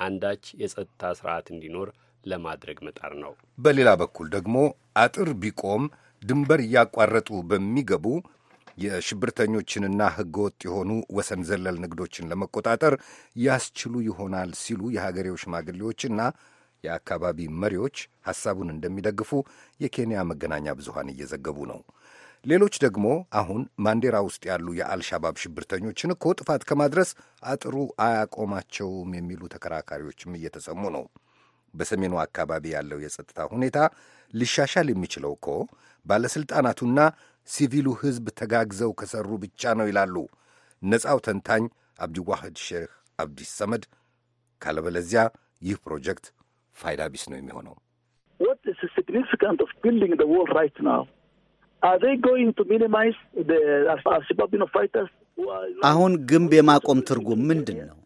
አንዳች የጸጥታ ስርዓት እንዲኖር ለማድረግ መጣር ነው። በሌላ በኩል ደግሞ አጥር ቢቆም ድንበር እያቋረጡ በሚገቡ የሽብርተኞችንና ሕገወጥ የሆኑ ወሰን ዘለል ንግዶችን ለመቆጣጠር ያስችሉ ይሆናል ሲሉ የሀገሬው ሽማግሌዎችና የአካባቢ መሪዎች ሐሳቡን እንደሚደግፉ የኬንያ መገናኛ ብዙሃን እየዘገቡ ነው። ሌሎች ደግሞ አሁን ማንዴራ ውስጥ ያሉ የአልሻባብ ሽብርተኞችን እኮ ጥፋት ከማድረስ አጥሩ አያቆማቸውም የሚሉ ተከራካሪዎችም እየተሰሙ ነው። በሰሜኑ አካባቢ ያለው የጸጥታ ሁኔታ ሊሻሻል የሚችለው እኮ ባለሥልጣናቱና ሲቪሉ ሕዝብ ተጋግዘው ከሠሩ ብቻ ነው ይላሉ ነፃው ተንታኝ አብዲዋህድ ሼህ አብዲስ ሰመድ። ካለበለዚያ ይህ ፕሮጀክት ፋይዳ ቢስ ነው የሚሆነው። uh, uh, አሁን ግንብ የማቆም ትርጉም ምንድን ነው?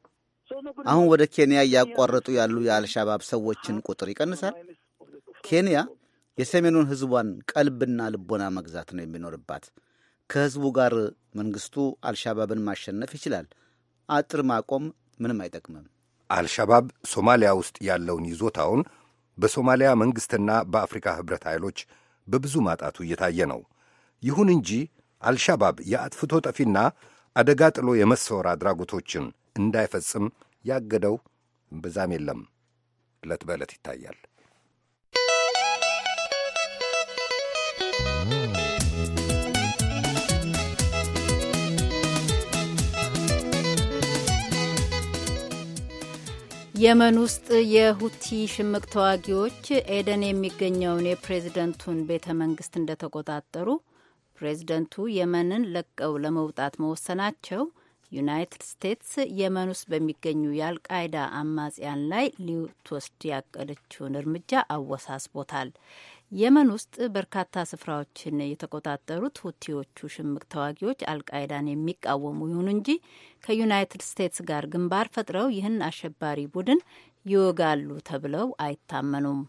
አሁን ወደ ኬንያ እያቋረጡ ያሉ የአልሻባብ ሰዎችን ቁጥር ይቀንሳል። ኬንያ የሰሜኑን ሕዝቧን ቀልብና ልቦና መግዛት ነው የሚኖርባት። ከሕዝቡ ጋር መንግስቱ አልሻባብን ማሸነፍ ይችላል። አጥር ማቆም ምንም አይጠቅምም። አልሻባብ ሶማሊያ ውስጥ ያለውን ይዞታውን በሶማሊያ መንግሥትና በአፍሪካ ኅብረት ኃይሎች በብዙ ማጣቱ እየታየ ነው። ይሁን እንጂ አልሻባብ የአጥፍቶ ጠፊና አደጋ ጥሎ የመሰወር አድራጎቶችን እንዳይፈጽም ያገደው ብዛም የለም። ዕለት በዕለት ይታያል። የመን ውስጥ የሁቲ ሽምቅ ተዋጊዎች ኤደን የሚገኘውን የፕሬዝደንቱን ቤተ መንግስት እንደተቆጣጠሩ ፕሬዝደንቱ የመንን ለቀው ለመውጣት መወሰናቸው ዩናይትድ ስቴትስ የመን ውስጥ በሚገኙ የአልቃይዳ አማጽያን ላይ ሊትወስድ ያቀደችውን እርምጃ አወሳስቦታል። የመን ውስጥ በርካታ ስፍራዎችን የተቆጣጠሩት ሁቲዎቹ ሽምቅ ተዋጊዎች አልቃይዳን የሚቃወሙ ይሁን እንጂ ከዩናይትድ ስቴትስ ጋር ግንባር ፈጥረው ይህን አሸባሪ ቡድን ይወጋሉ ተብለው አይታመኑም።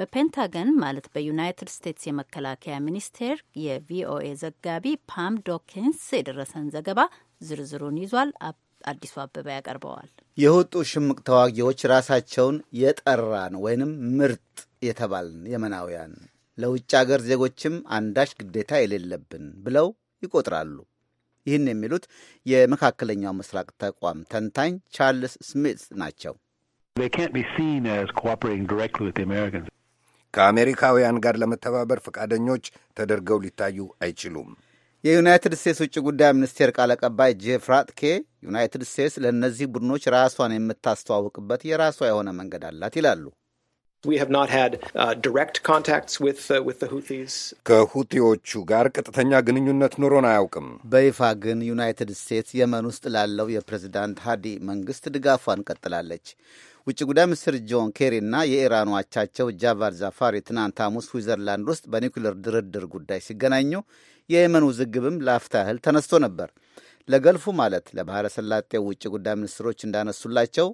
በፔንታገን ማለት በዩናይትድ ስቴትስ የመከላከያ ሚኒስቴር የቪኦኤ ዘጋቢ ፓም ዶኪንስ የደረሰን ዘገባ ዝርዝሩን ይዟል። አዲሱ አበባ ያቀርበዋል። የሁጡ ሽምቅ ተዋጊዎች ራሳቸውን የጠራን ወይንም ምርጥ የተባልን የመናውያን ለውጭ አገር ዜጎችም አንዳች ግዴታ የሌለብን ብለው ይቆጥራሉ። ይህን የሚሉት የመካከለኛው ምስራቅ ተቋም ተንታኝ ቻርልስ ስሚት ናቸው። ከአሜሪካውያን ጋር ለመተባበር ፈቃደኞች ተደርገው ሊታዩ አይችሉም። የዩናይትድ ስቴትስ ውጭ ጉዳይ ሚኒስቴር ቃል አቀባይ ጄፍ ራትኬ ዩናይትድ ስቴትስ ለእነዚህ ቡድኖች ራሷን የምታስተዋውቅበት የራሷ የሆነ መንገድ አላት ይላሉ። uh, uh, ከሁቲዎቹ ጋር ቀጥተኛ ግንኙነት ኖሮን አያውቅም። በይፋ ግን ዩናይትድ ስቴትስ የመን ውስጥ ላለው የፕሬዚዳንት ሃዲ መንግስት ድጋፏን ቀጥላለች። ውጭ ጉዳይ ሚኒስትር ጆን ኬሪ እና የኢራኑ አቻቸው ጃቫድ ዛፋሪ ትናንት ሐሙስ ስዊዘርላንድ ውስጥ በኒውክሌር ድርድር ጉዳይ ሲገናኙ የየመን ውዝግብም ለአፍታ ያህል ተነስቶ ነበር። ለገልፉ ማለት ለባሕረ ሰላጤው ውጭ ጉዳይ ሚኒስትሮች እንዳነሱላቸው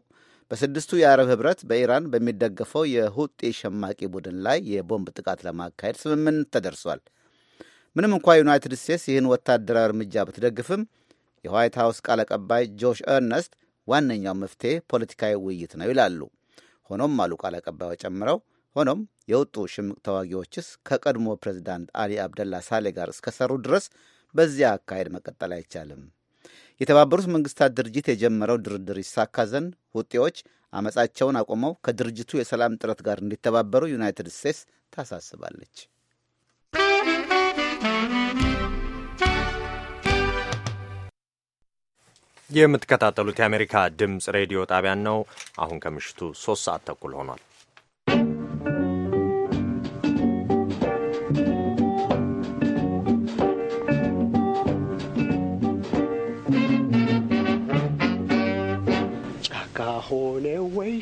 በስድስቱ የአረብ ህብረት በኢራን በሚደገፈው የሁጤ ሸማቂ ቡድን ላይ የቦምብ ጥቃት ለማካሄድ ስምምነት ተደርሷል። ምንም እንኳ ዩናይትድ ስቴትስ ይህን ወታደራዊ እርምጃ ብትደግፍም የዋይት ሀውስ ቃል አቀባይ ጆሽ ኤርነስት ዋነኛው መፍትሄ ፖለቲካዊ ውይይት ነው ይላሉ። ሆኖም አሉ ቃል አቀባዩ ጨምረው ሆኖም የወጡ ሽምቅ ተዋጊዎችስ ከቀድሞ ፕሬዚዳንት አሊ አብደላ ሳሌ ጋር እስከሰሩ ድረስ በዚያ አካሄድ መቀጠል አይቻልም። የተባበሩት መንግስታት ድርጅት የጀመረው ድርድር ይሳካ ዘንድ ሁጤዎች አመፃቸውን አቁመው ከድርጅቱ የሰላም ጥረት ጋር እንዲተባበሩ ዩናይትድ ስቴትስ ታሳስባለች። የምትከታተሉት የአሜሪካ ድምፅ ሬዲዮ ጣቢያን ነው። አሁን ከምሽቱ ሶስት ሰዓት ተኩል ሆኗል።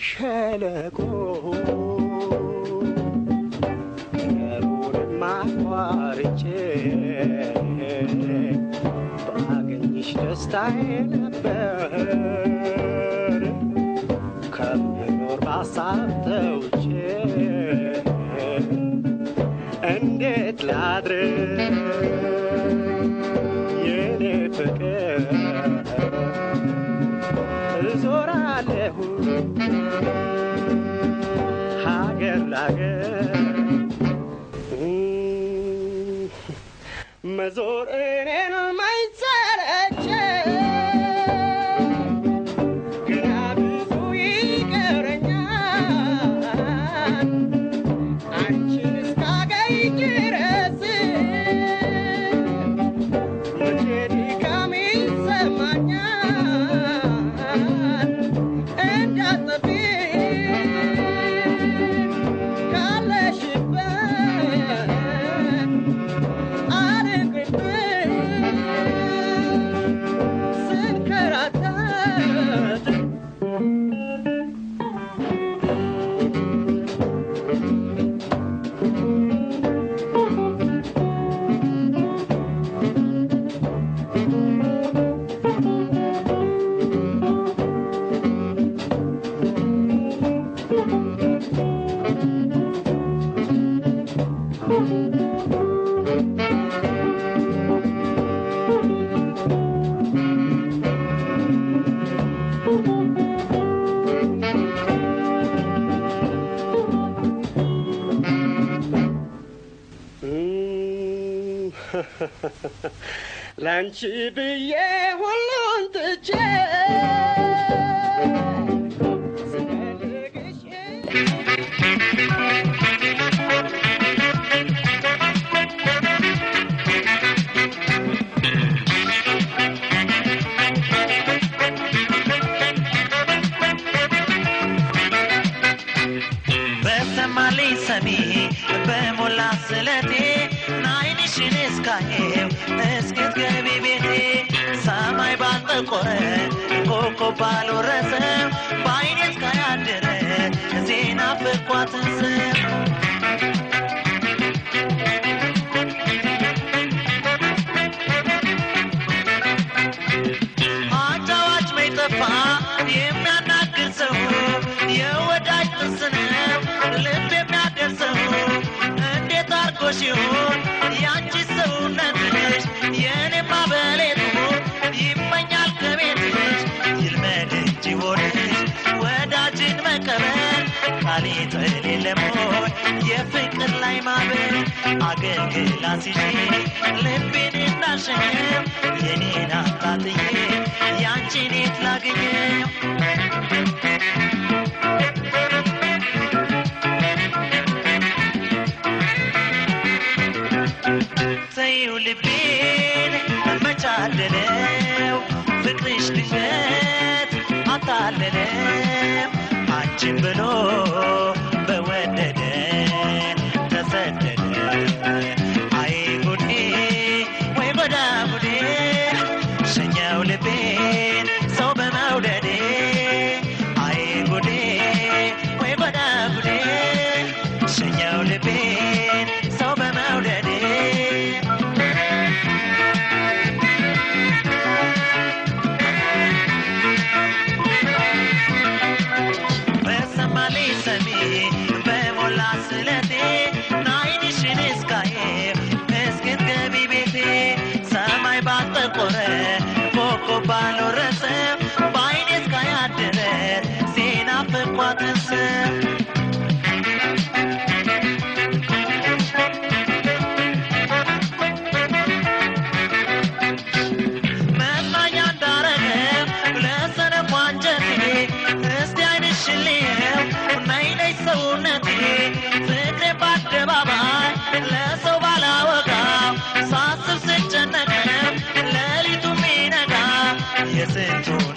ሸለቆ ነገሩንማ አቋርጬ ባገኝሽ ደስታዬ ነበር ከምኖር ባሳብ ተውቼ እንዴት ላድርግ ላገር መዞር and she be yeah. የቆረ ኮኮ ባልወረሰ በአይኔ ዜና በኳትን አጫዋች መይጠፋ የሚያናግር የወዳጅ ጥስነ ልብ የሚያደርሰው እንዴት አርጎሽ ይሆን መሰረት የፍቅር ላይ ማበር አገልግላ ልቤን እንዳሸኘም የኔን አታጥዬ ያንቺን የት chipano, bewe ne ne.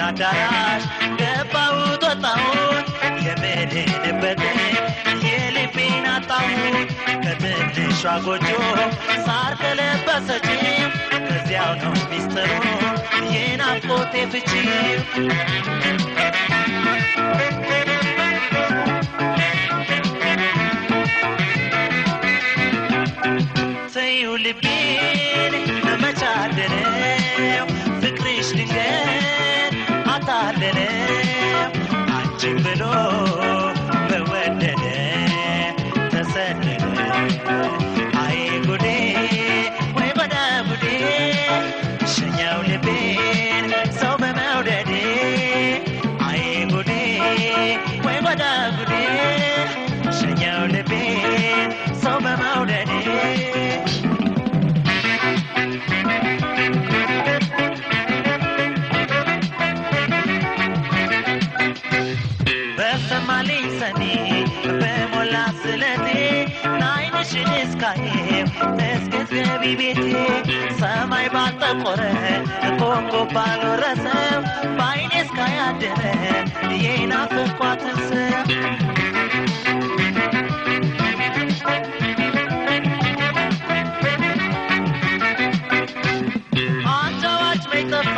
አዳራሽ ገባሁት ወጣሁት የምድንበትን የልቤን አጣሁት ከትንሿ ጎጆ ሳር ተለበሰች ከዚያው ነው ሚስጥሩ የናፍቆቴ ፍቺ Angelero. בי ביתי ሰማይ ባጠቆረ ኮንጎ ባልወረሰ በአይኔ እስካያደረ የናፍቋትን ስም አንተ አዋጅ መይጠፋ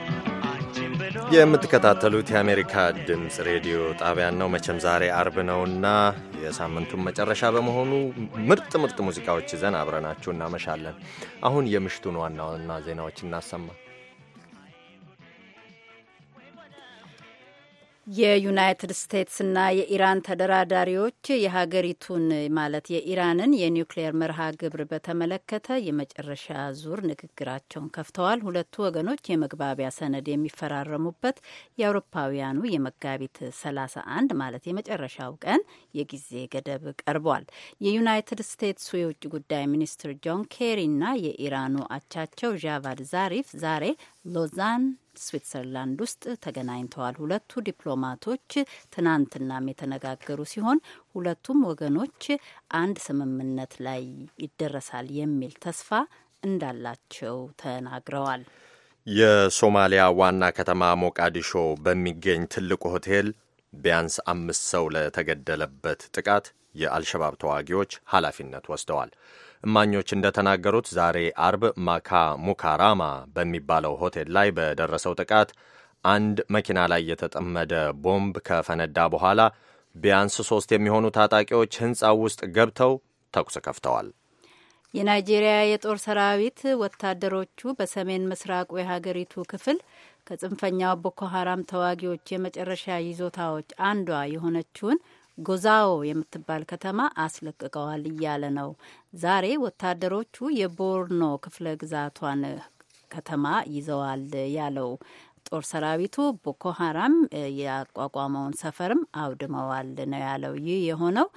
የምትከታተሉት የአሜሪካ ድምፅ ሬዲዮ ጣቢያን ነው። መቼም ዛሬ አርብ ነውና የሳምንቱን መጨረሻ በመሆኑ ምርጥ ምርጥ ሙዚቃዎች ይዘን አብረናችሁ እናመሻለን። አሁን የምሽቱን ዋና ዋና ዜናዎች እናሰማ። የዩናይትድ ስቴትስና የኢራን ተደራዳሪዎች የሀገሪቱን ማለት የኢራንን የኒውክሌር መርሃ ግብር በተመለከተ የመጨረሻ ዙር ንግግራቸውን ከፍተዋል። ሁለቱ ወገኖች የመግባቢያ ሰነድ የሚፈራረሙበት የአውሮፓውያኑ የመጋቢት 31 ማለት የመጨረሻው ቀን የጊዜ ገደብ ቀርቧል። የዩናይትድ ስቴትሱ የውጭ ጉዳይ ሚኒስትር ጆን ኬሪና የኢራኑ አቻቸው ዣቫድ ዛሪፍ ዛሬ ሎዛን ስዊትዘርላንድ ውስጥ ተገናኝተዋል። ሁለቱ ዲፕሎማቶች ትናንትናም የተነጋገሩ ሲሆን ሁለቱም ወገኖች አንድ ስምምነት ላይ ይደረሳል የሚል ተስፋ እንዳላቸው ተናግረዋል። የሶማሊያ ዋና ከተማ ሞቃዲሾ በሚገኝ ትልቁ ሆቴል ቢያንስ አምስት ሰው ለተገደለበት ጥቃት የአልሸባብ ተዋጊዎች ኃላፊነት ወስደዋል። እማኞች እንደተናገሩት ዛሬ አርብ ማካ ሙካራማ በሚባለው ሆቴል ላይ በደረሰው ጥቃት አንድ መኪና ላይ የተጠመደ ቦምብ ከፈነዳ በኋላ ቢያንስ ሶስት የሚሆኑ ታጣቂዎች ሕንፃው ውስጥ ገብተው ተኩስ ከፍተዋል። የናይጄሪያ የጦር ሰራዊት ወታደሮቹ በሰሜን ምስራቁ የሀገሪቱ ክፍል ከጽንፈኛው ቦኮ ሀራም ተዋጊዎች የመጨረሻ ይዞታዎች አንዷ የሆነችውን ጎዛዎ የምትባል ከተማ አስለቅቀዋል እያለ ነው። ዛሬ ወታደሮቹ የቦርኖ ክፍለ ግዛቷን ከተማ ይዘዋል ያለው ጦር ሰራዊቱ ቦኮ ሀራም ያቋቋመውን ሰፈርም አውድመዋል ነው ያለው። ይህ የሆነው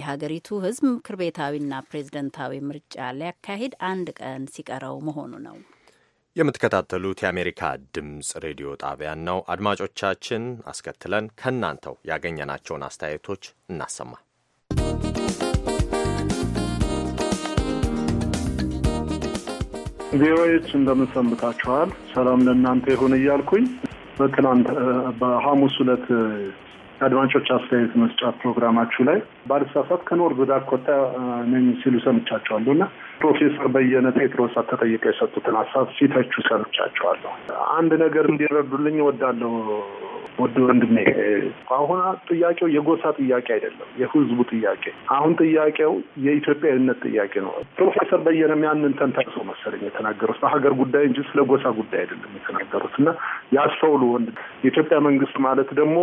የሀገሪቱ ሕዝብ ምክር ቤታዊና ፕሬዝደንታዊ ምርጫ ሊያካሂድ አንድ ቀን ሲቀረው መሆኑ ነው። የምትከታተሉት የአሜሪካ ድምፅ ሬዲዮ ጣቢያን ነው። አድማጮቻችን፣ አስከትለን ከእናንተው ያገኘናቸውን አስተያየቶች እናሰማ። ቪኦኤዎች እንደምንሰንብታችኋል። ሰላም ለእናንተ ይሁን እያልኩኝ በትናንት በሐሙስ ዕለት አድማጮች አስተያየት መስጫ ፕሮግራማችሁ ላይ ባልሳሳት ከኖርዝ ዳኮታ ነኝ ሲሉ ሰምቻቸዋለሁ እና ፕሮፌሰር በየነ ጴጥሮስ ተጠይቀው የሰጡትን ሀሳብ ሲተቹ ሰምቻቸዋለሁ። አንድ ነገር እንዲረዱልኝ ወዳለሁ። ወድ ወንድሜ አሁን ጥያቄው የጎሳ ጥያቄ አይደለም፣ የህዝቡ ጥያቄ። አሁን ጥያቄው የኢትዮጵያዊነት ጥያቄ ነው። ፕሮፌሰር በየነም ያንን ተንተርሶ መሰለኝ የተናገሩት በሀገር ጉዳይ እንጂ ስለ ጎሳ ጉዳይ አይደለም የተናገሩት እና ያስተውሉ ወንድ የኢትዮጵያ መንግስት ማለት ደግሞ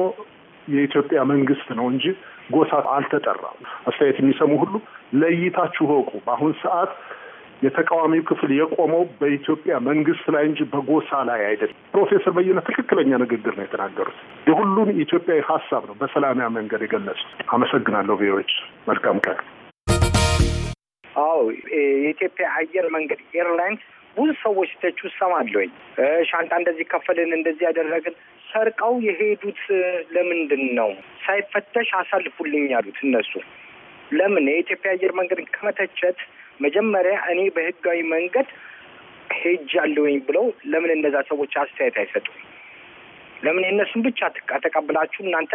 የኢትዮጵያ መንግስት ነው እንጂ ጎሳ አልተጠራም። አስተያየት የሚሰሙ ሁሉ ለይታችሁ እወቁ። በአሁን ሰዓት የተቃዋሚው ክፍል የቆመው በኢትዮጵያ መንግስት ላይ እንጂ በጎሳ ላይ አይደለም። ፕሮፌሰር በየነ ትክክለኛ ንግግር ነው የተናገሩት። የሁሉም ኢትዮጵያዊ ሀሳብ ነው በሰላማዊ መንገድ የገለጹት። አመሰግናለሁ። ቪዎች መልካም ቀን። አዎ የኢትዮጵያ አየር መንገድ ኤርላይንስ ብዙ ሰዎች ተቹ ሻንጣ እንደዚህ ከፈልን እንደዚህ ያደረግን ሰርቀው የሄዱት ለምንድን ነው? ሳይፈተሽ አሳልፉልኝ ያሉት እነሱ ለምን? የኢትዮጵያ አየር መንገድን ከመተቸት መጀመሪያ እኔ በህጋዊ መንገድ ሄጅ ሄጃለሁኝ ብለው ለምን እነዛ ሰዎች አስተያየት አይሰጡም? ለምን የእነሱን ብቻ ተቀብላችሁ እናንተ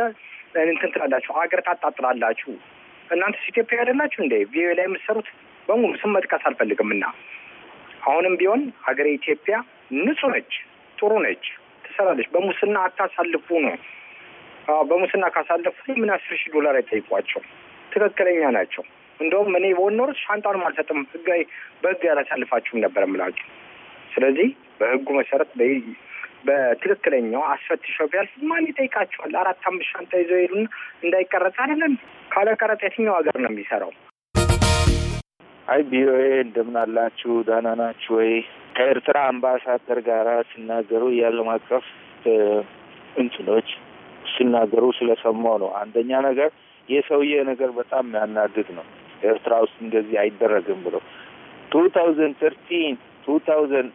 እንትን ትላላችሁ፣ አገር ታጣጥላላችሁ? እናንተስ ኢትዮጵያ አይደላችሁ እንደ ቪኦኤ ላይ የምትሰሩት በሙሉ ስም መጥቀስ አልፈልግም እና አሁንም ቢሆን ሀገሬ ኢትዮጵያ ንጹህ ነች፣ ጥሩ ነች። ትሰራለች። በሙስና አታሳልፉ ነው። በሙስና ካሳለፉ ምን አስር ሺህ ዶላር አይጠይቋቸው። ትክክለኛ ናቸው። እንደውም እኔ በሆን ኖር ሻንጣንም አልሰጥም፣ ህጋዊ በህግ ያላሳልፋችሁም ነበር የምላቸው። ስለዚህ በህጉ መሰረት በትክክለኛው አስፈትሸው ቢያልፍ ማን ይጠይቃቸዋል? አራት አምስት ሻንጣ ይዘው ሄዱና እንዳይቀረጽ አይደለም። ካለቀረጥ የትኛው ሀገር ነው የሚሰራው? አይ ቪኦኤ እንደምን አላችሁ? ደህና ናችሁ ወይ? ከኤርትራ አምባሳደር ጋር ሲናገሩ የዓለም አቀፍ እንትኖች ሲናገሩ ስለሰማው ነው። አንደኛ ነገር የሰውዬ ነገር በጣም የሚያናድድ ነው። ኤርትራ ውስጥ እንደዚህ አይደረግም ብሎ ቱ ታውዘንድ ተርቲን ቱ ታውዘንድ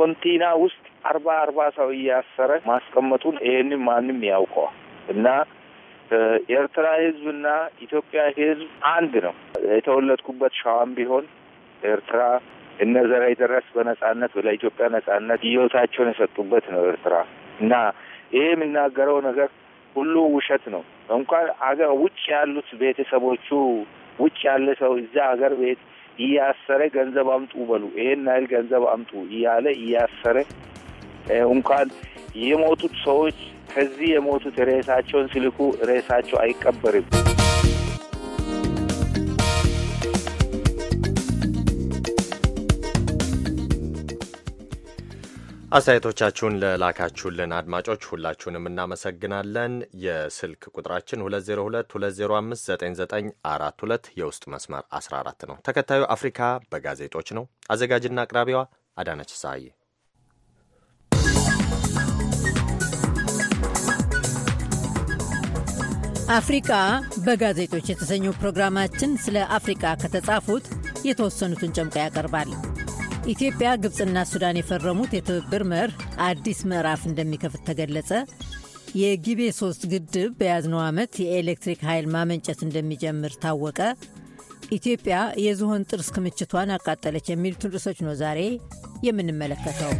ኮንቲና ውስጥ አርባ አርባ ሰው እያሰረ ማስቀመጡን ይህንም ማንም ያውቀዋል እና ኤርትራ ህዝብ ና ኢትዮጵያ ህዝብ አንድ ነው። የተወለድኩበት ሸዋም ቢሆን ኤርትራ እነ ዘርአይ ደረስ በነጻነት ለኢትዮጵያ ነጻነት ህይወታቸውን የሰጡበት ነው ኤርትራ እና ይሄ የሚናገረው ነገር ሁሉ ውሸት ነው። እንኳን አገር ውጭ ያሉት ቤተሰቦቹ ውጭ ያለ ሰው እዛ አገር ቤት እያሰረ ገንዘብ አምጡ በሉ፣ ይሄን ያህል ገንዘብ አምጡ እያለ እያሰረ እንኳን የሞቱት ሰዎች ከዚህ የሞቱት ሬሳቸውን ሲልኩ ሬሳቸው አይቀበርም። አስተያየቶቻችሁን ለላካችሁልን አድማጮች ሁላችሁንም እናመሰግናለን። የስልክ ቁጥራችን 2022059942 የውስጥ መስመር 14 ነው። ተከታዩ አፍሪካ በጋዜጦች ነው። አዘጋጅና አቅራቢዋ አዳነች ሳይ አፍሪካ በጋዜጦች የተሰኘው ፕሮግራማችን ስለ አፍሪካ ከተጻፉት የተወሰኑትን ጨምቆ ያቀርባል። ኢትዮጵያ፣ ግብፅና ሱዳን የፈረሙት የትብብር መርህ አዲስ ምዕራፍ እንደሚከፍት ተገለጸ። የጊቤ ሶስት ግድብ በያዝነው ዓመት የኤሌክትሪክ ኃይል ማመንጨት እንደሚጀምር ታወቀ። ኢትዮጵያ የዝሆን ጥርስ ክምችቷን አቃጠለች የሚሉትን ርዕሶች ነው ዛሬ የምንመለከተው።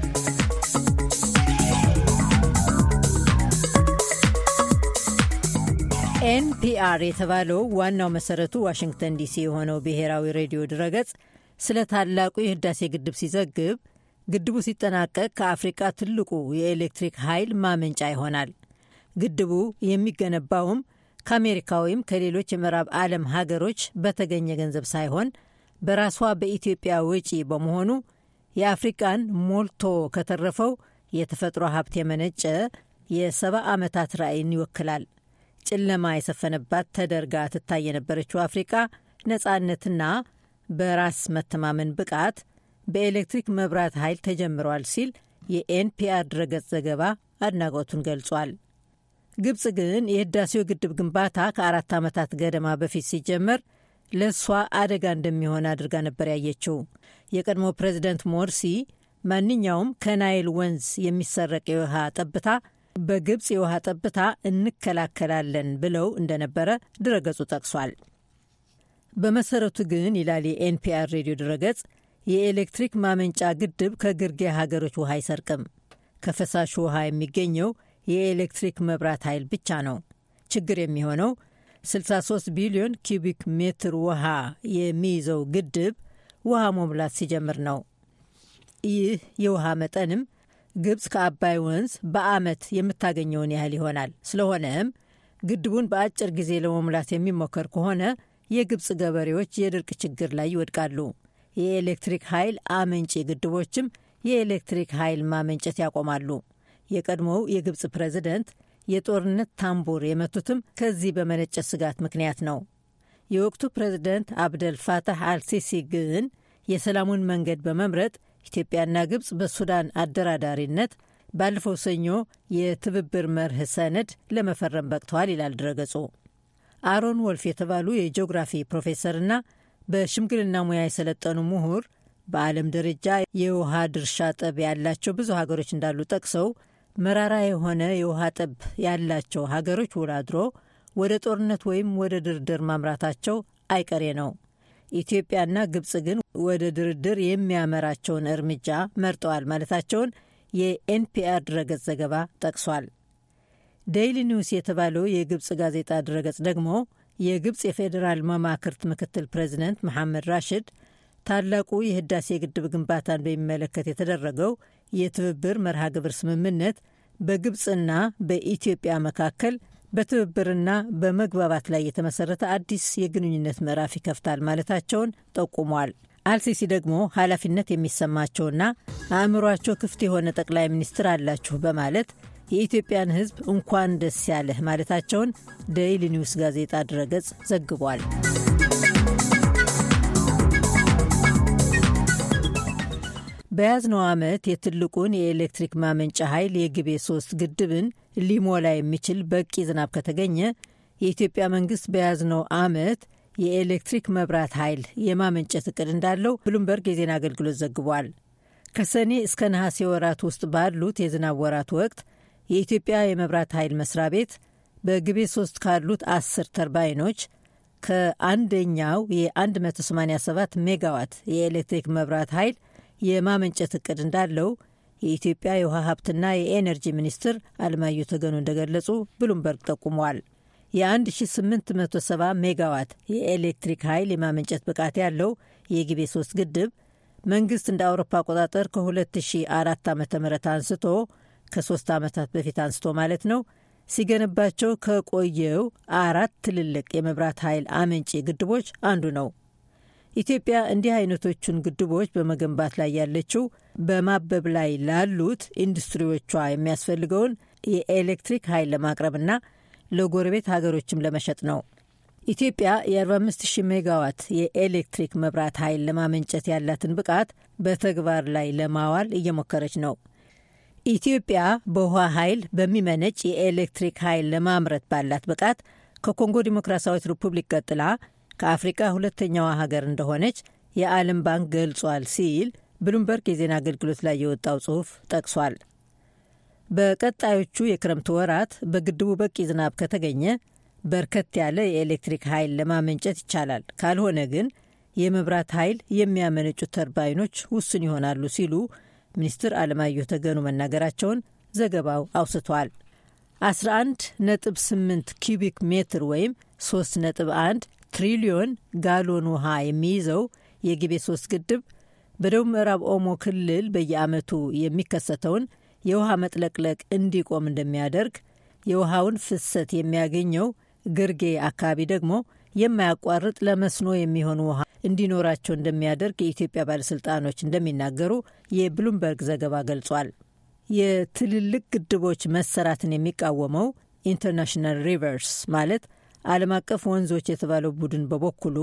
ኤንፒአር የተባለው ዋናው መሰረቱ ዋሽንግተን ዲሲ የሆነው ብሔራዊ ሬዲዮ ድረገጽ ስለ ታላቁ የህዳሴ ግድብ ሲዘግብ ግድቡ ሲጠናቀቅ ከአፍሪቃ ትልቁ የኤሌክትሪክ ኃይል ማመንጫ ይሆናል። ግድቡ የሚገነባውም ከአሜሪካ ወይም ከሌሎች የምዕራብ ዓለም ሀገሮች በተገኘ ገንዘብ ሳይሆን በራሷ በኢትዮጵያ ወጪ በመሆኑ የአፍሪቃን ሞልቶ ከተረፈው የተፈጥሮ ሀብት የመነጨ የሰባ ዓመታት ራዕይን ይወክላል። ጨለማ የሰፈነባት ተደርጋ ትታይ የነበረችው አፍሪቃ ነጻነትና በራስ መተማመን ብቃት በኤሌክትሪክ መብራት ኃይል ተጀምረዋል ሲል የኤንፒአር ድረገጽ ዘገባ አድናቆቱን ገልጿል። ግብፅ ግን የህዳሴው ግድብ ግንባታ ከአራት ዓመታት ገደማ በፊት ሲጀመር ለእሷ አደጋ እንደሚሆን አድርጋ ነበር ያየችው። የቀድሞ ፕሬዚደንት ሞርሲ ማንኛውም ከናይል ወንዝ የሚሰረቅ የውሃ ጠብታ በግብፅ የውሃ ጠብታ እንከላከላለን ብለው እንደነበረ ድረገጹ ጠቅሷል። በመሰረቱ ግን ይላል የኤንፒአር ሬዲዮ ድረገጽ፣ የኤሌክትሪክ ማመንጫ ግድብ ከግርጌ ሀገሮች ውሃ አይሰርቅም። ከፈሳሽ ውሃ የሚገኘው የኤሌክትሪክ መብራት ኃይል ብቻ ነው። ችግር የሚሆነው 63 ቢሊዮን ኪቢክ ሜትር ውሃ የሚይዘው ግድብ ውሃ መሙላት ሲጀምር ነው። ይህ የውሃ መጠንም ግብፅ ከአባይ ወንዝ በዓመት የምታገኘውን ያህል ይሆናል። ስለሆነም ግድቡን በአጭር ጊዜ ለመሙላት የሚሞከር ከሆነ የግብፅ ገበሬዎች የድርቅ ችግር ላይ ይወድቃሉ። የኤሌክትሪክ ኃይል አመንጪ ግድቦችም የኤሌክትሪክ ኃይል ማመንጨት ያቆማሉ። የቀድሞው የግብፅ ፕሬዝደንት የጦርነት ታምቡር የመቱትም ከዚህ በመነጨ ስጋት ምክንያት ነው። የወቅቱ ፕሬዝደንት አብደል ፋታህ አልሲሲ ግን የሰላሙን መንገድ በመምረጥ ኢትዮጵያና ግብፅ በሱዳን አደራዳሪነት ባለፈው ሰኞ የትብብር መርህ ሰነድ ለመፈረም በቅተዋል ይላል ድረገጹ። አሮን ወልፍ የተባሉ የጂኦግራፊ ፕሮፌሰርና በሽምግልና ሙያ የሰለጠኑ ምሁር በዓለም ደረጃ የውሃ ድርሻ ጠብ ያላቸው ብዙ ሀገሮች እንዳሉ ጠቅሰው መራራ የሆነ የውሃ ጠብ ያላቸው ሀገሮች ውሎ አድሮ ወደ ጦርነት ወይም ወደ ድርድር ማምራታቸው አይቀሬ ነው። ኢትዮጵያና ግብጽ ግን ወደ ድርድር የሚያመራቸውን እርምጃ መርጠዋል ማለታቸውን የኤንፒአር ድረገጽ ዘገባ ጠቅሷል። ዴይሊ ኒውስ የተባለው የግብፅ ጋዜጣ ድረገጽ ደግሞ የግብፅ የፌዴራል መማክርት ምክትል ፕሬዚደንት መሐመድ ራሽድ ታላቁ የህዳሴ ግድብ ግንባታን በሚመለከት የተደረገው የትብብር መርሃ ግብር ስምምነት በግብፅና በኢትዮጵያ መካከል በትብብርና በመግባባት ላይ የተመሰረተ አዲስ የግንኙነት ምዕራፍ ይከፍታል ማለታቸውን ጠቁሟል። አልሲሲ ደግሞ ኃላፊነት የሚሰማቸውና አእምሯቸው ክፍት የሆነ ጠቅላይ ሚኒስትር አላችሁ በማለት የኢትዮጵያን ሕዝብ እንኳን ደስ ያለህ ማለታቸውን ደይሊ ኒውስ ጋዜጣ ድረገጽ ዘግቧል። በያዝነው ዓመት የትልቁን የኤሌክትሪክ ማመንጫ ኃይል የግቤ ሶስት ግድብን ሊሞላ የሚችል በቂ ዝናብ ከተገኘ የኢትዮጵያ መንግስት በያዝነው ዓመት የኤሌክትሪክ መብራት ኃይል የማመንጨት እቅድ እንዳለው ብሉምበርግ የዜና አገልግሎት ዘግቧል። ከሰኔ እስከ ነሐሴ ወራት ውስጥ ባሉት የዝናብ ወራት ወቅት የኢትዮጵያ የመብራት ኃይል መስሪያ ቤት በግቤ ሶስት ካሉት አስር ተርባይኖች ከአንደኛው የ187 ሜጋዋት የኤሌክትሪክ መብራት ኃይል የማመንጨት እቅድ እንዳለው የኢትዮጵያ የውሃ ሀብትና የኤነርጂ ሚኒስትር አለማየሁ ተገኑ እንደገለጹ ብሉምበርግ ጠቁመዋል። የ1870 ሜጋዋት የኤሌክትሪክ ኃይል የማመንጨት ብቃት ያለው የግቤ ሶስት ግድብ መንግስት እንደ አውሮፓ አቆጣጠር ከ2004 ዓ ም አንስቶ ከሶስት ዓመታት በፊት አንስቶ ማለት ነው ሲገነባቸው ከቆየው አራት ትልልቅ የመብራት ኃይል አመንጪ ግድቦች አንዱ ነው። ኢትዮጵያ እንዲህ አይነቶቹን ግድቦች በመገንባት ላይ ያለችው በማበብ ላይ ላሉት ኢንዱስትሪዎቿ የሚያስፈልገውን የኤሌክትሪክ ኃይል ለማቅረብና ለጎረቤት ሀገሮችም ለመሸጥ ነው። ኢትዮጵያ የ45000 ሜጋዋት የኤሌክትሪክ መብራት ኃይል ለማመንጨት ያላትን ብቃት በተግባር ላይ ለማዋል እየሞከረች ነው። ኢትዮጵያ በውሃ ኃይል በሚመነጭ የኤሌክትሪክ ኃይል ለማምረት ባላት ብቃት ከኮንጎ ዲሞክራሲያዊት ሪፑብሊክ ቀጥላ ከአፍሪቃ ሁለተኛዋ ሀገር እንደሆነች የዓለም ባንክ ገልጿል ሲል ብሉምበርግ የዜና አገልግሎት ላይ የወጣው ጽሑፍ ጠቅሷል። በቀጣዮቹ የክረምት ወራት በግድቡ በቂ ዝናብ ከተገኘ በርከት ያለ የኤሌክትሪክ ኃይል ለማመንጨት ይቻላል፣ ካልሆነ ግን የመብራት ኃይል የሚያመነጩት ተርባይኖች ውስን ይሆናሉ ሲሉ ሚኒስትር አለማየሁ ተገኑ መናገራቸውን ዘገባው አውስቷል። 11.8 ኪቢክ ሜትር ወይም 3.1 ትሪሊዮን ጋሎን ውሃ የሚይዘው የጊቤ 3 ግድብ በደቡብ ምዕራብ ኦሞ ክልል በየዓመቱ የሚከሰተውን የውሃ መጥለቅለቅ እንዲቆም እንደሚያደርግ፣ የውሃውን ፍሰት የሚያገኘው ግርጌ አካባቢ ደግሞ የማያቋርጥ ለመስኖ የሚሆን ውሃ እንዲኖራቸው እንደሚያደርግ የኢትዮጵያ ባለሥልጣኖች እንደሚናገሩ የብሉምበርግ ዘገባ ገልጿል። የትልልቅ ግድቦች መሰራትን የሚቃወመው ኢንተርናሽናል ሪቨርስ ማለት ዓለም አቀፍ ወንዞች የተባለው ቡድን በበኩሉ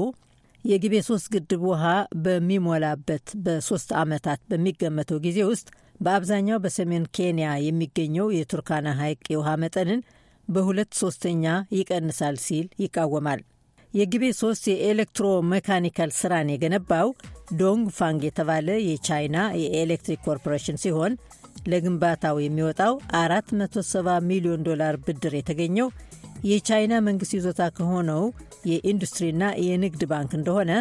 የግቤ ሶስት ግድብ ውሃ በሚሞላበት በሶስት ዓመታት በሚገመተው ጊዜ ውስጥ በአብዛኛው በሰሜን ኬንያ የሚገኘው የቱርካና ሐይቅ የውሃ መጠንን በሁለት ሶስተኛ ይቀንሳል ሲል ይቃወማል። የግቤ ሶስት የኤሌክትሮ መካኒካል ስራን የገነባው ዶንግ ፋንግ የተባለ የቻይና የኤሌክትሪክ ኮርፖሬሽን ሲሆን ለግንባታው የሚወጣው 470 ሚሊዮን ዶላር ብድር የተገኘው የቻይና መንግሥት ይዞታ ከሆነው የኢንዱስትሪና የንግድ ባንክ እንደሆነ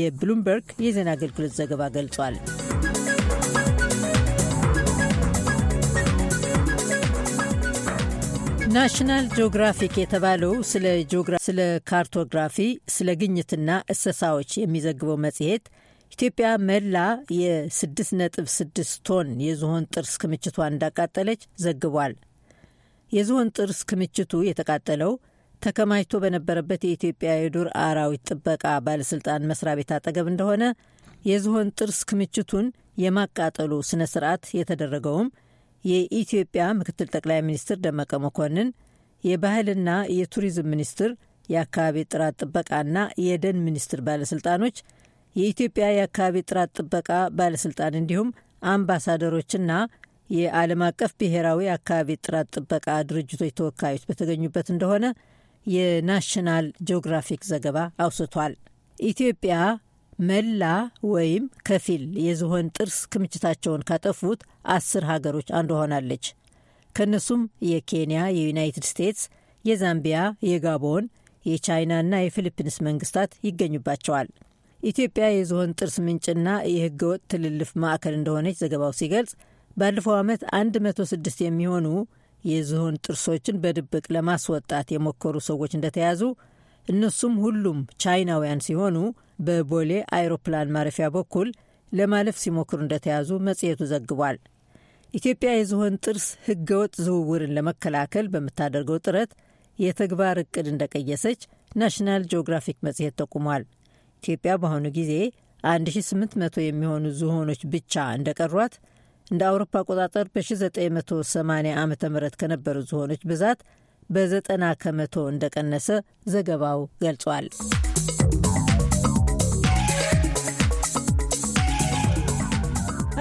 የብሉምበርግ የዜና አገልግሎት ዘገባ ገልጿል። ናሽናል ጂኦግራፊክ የተባለው ስለ ስለ ካርቶግራፊ ስለ ግኝትና እሰሳዎች የሚዘግበው መጽሔት ኢትዮጵያ መላ የ6.6 ቶን የዝሆን ጥርስ ክምችቷ እንዳቃጠለች ዘግቧል። የዝሆን ጥርስ ክምችቱ የተቃጠለው ተከማችቶ በነበረበት የኢትዮጵያ የዱር አራዊት ጥበቃ ባለሥልጣን መስሪያ ቤት አጠገብ እንደሆነ የዝሆን ጥርስ ክምችቱን የማቃጠሉ ስነ ስርዓት የተደረገውም የኢትዮጵያ ምክትል ጠቅላይ ሚኒስትር ደመቀ መኮንን፣ የባህልና የቱሪዝም ሚኒስትር፣ የአካባቢ ጥራት ጥበቃና የደን ሚኒስትር ባለስልጣኖች፣ የኢትዮጵያ የአካባቢ ጥራት ጥበቃ ባለስልጣን እንዲሁም አምባሳደሮችና የዓለም አቀፍ ብሔራዊ አካባቢ ጥራት ጥበቃ ድርጅቶች ተወካዮች በተገኙበት እንደሆነ የናሽናል ጂኦግራፊክ ዘገባ አውስቷል። ኢትዮጵያ መላ ወይም ከፊል የዝሆን ጥርስ ክምችታቸውን ካጠፉት አስር ሀገሮች አንዷ ሆናለች። ከእነሱም የኬንያ፣ የዩናይትድ ስቴትስ፣ የዛምቢያ፣ የጋቦን፣ የቻይናና የፊሊፒንስ መንግስታት ይገኙባቸዋል። ኢትዮጵያ የዝሆን ጥርስ ምንጭና የህገ ወጥ ትልልፍ ማዕከል እንደሆነች ዘገባው ሲገልጽ ባለፈው ዓመት 106 የሚሆኑ የዝሆን ጥርሶችን በድብቅ ለማስወጣት የሞከሩ ሰዎች እንደተያዙ እነሱም ሁሉም ቻይናውያን ሲሆኑ በቦሌ አይሮፕላን ማረፊያ በኩል ለማለፍ ሲሞክሩ እንደተያዙ መጽሔቱ ዘግቧል። ኢትዮጵያ የዝሆን ጥርስ ህገወጥ ዝውውርን ለመከላከል በምታደርገው ጥረት የተግባር እቅድ እንደቀየሰች ናሽናል ጂኦግራፊክ መጽሔት ጠቁሟል። ኢትዮጵያ በአሁኑ ጊዜ 1800 የሚሆኑ ዝሆኖች ብቻ እንደቀሯት እንደ አውሮፓ አቆጣጠር በ1980 ዓ ም ከነበሩ ዝሆኖች ብዛት በ90 ከመቶ እንደቀነሰ ዘገባው ገልጿል።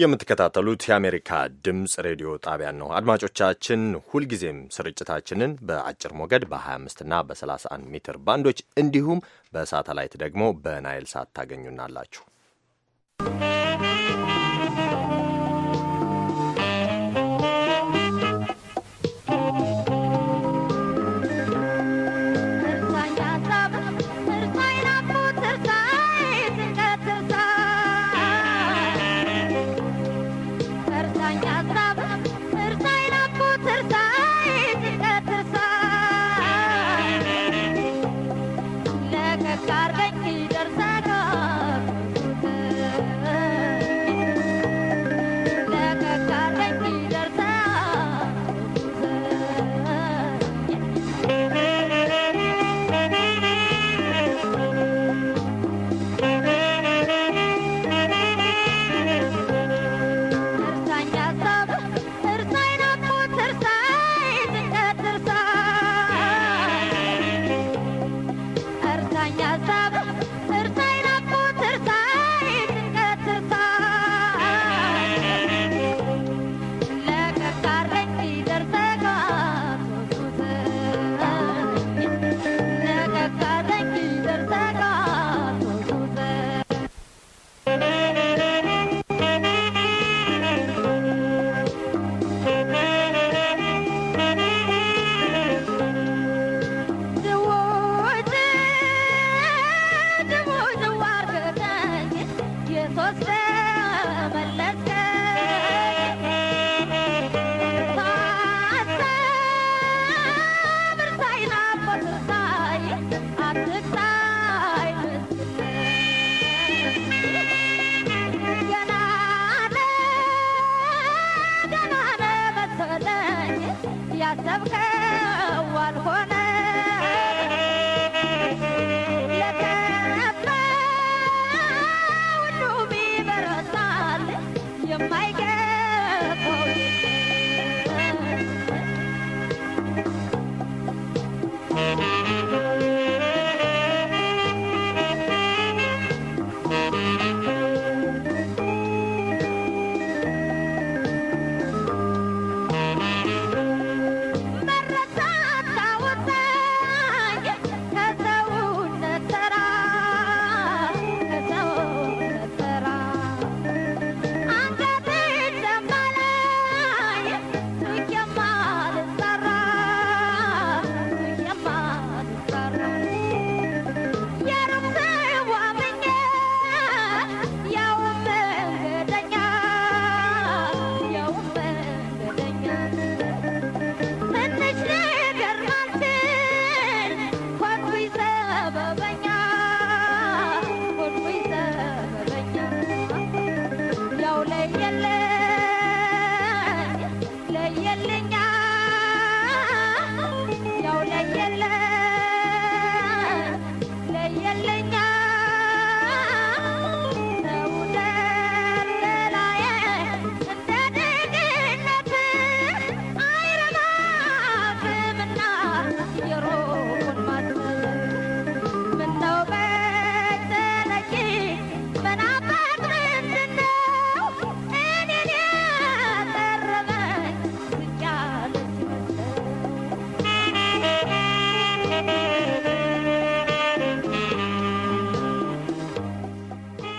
የምትከታተሉት የአሜሪካ ድምፅ ሬዲዮ ጣቢያን ነው። አድማጮቻችን ሁልጊዜም ስርጭታችንን በአጭር ሞገድ በ25 እና በ31 ሜትር ባንዶች እንዲሁም በሳተላይት ደግሞ በናይል ሳት ታገኙናላችሁ።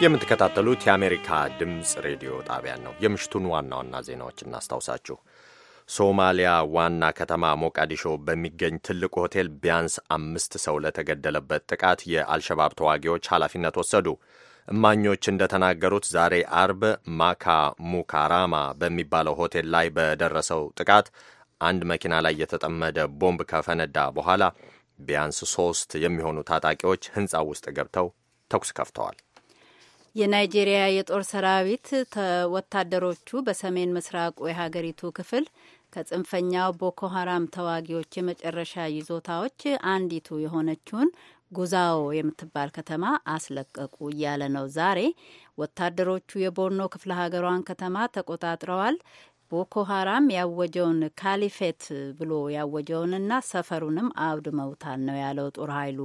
የምትከታተሉት የአሜሪካ ድምፅ ሬዲዮ ጣቢያን ነው። የምሽቱን ዋና ዋና ዜናዎች እናስታውሳችሁ። ሶማሊያ ዋና ከተማ ሞቃዲሾ በሚገኝ ትልቅ ሆቴል ቢያንስ አምስት ሰው ለተገደለበት ጥቃት የአልሸባብ ተዋጊዎች ኃላፊነት ወሰዱ። እማኞች እንደተናገሩት ዛሬ አርብ ማካ ሙካራማ በሚባለው ሆቴል ላይ በደረሰው ጥቃት አንድ መኪና ላይ የተጠመደ ቦምብ ከፈነዳ በኋላ ቢያንስ ሶስት የሚሆኑ ታጣቂዎች ሕንፃ ውስጥ ገብተው ተኩስ ከፍተዋል። የናይጄሪያ የጦር ሰራዊት ወታደሮቹ በሰሜን ምስራቁ የሀገሪቱ ክፍል ከጽንፈኛው ቦኮ ሀራም ተዋጊዎች የመጨረሻ ይዞታዎች አንዲቱ የሆነችውን ጉዛዎ የምትባል ከተማ አስለቀቁ እያለ ነው። ዛሬ ወታደሮቹ የቦርኖ ክፍለ ሀገሯን ከተማ ተቆጣጥረዋል። ቦኮ ሀራም ያወጀውን ካሊፌት ብሎ ያወጀውንና ሰፈሩንም አውድመውታል ነው ያለው ጦር ኃይሉ።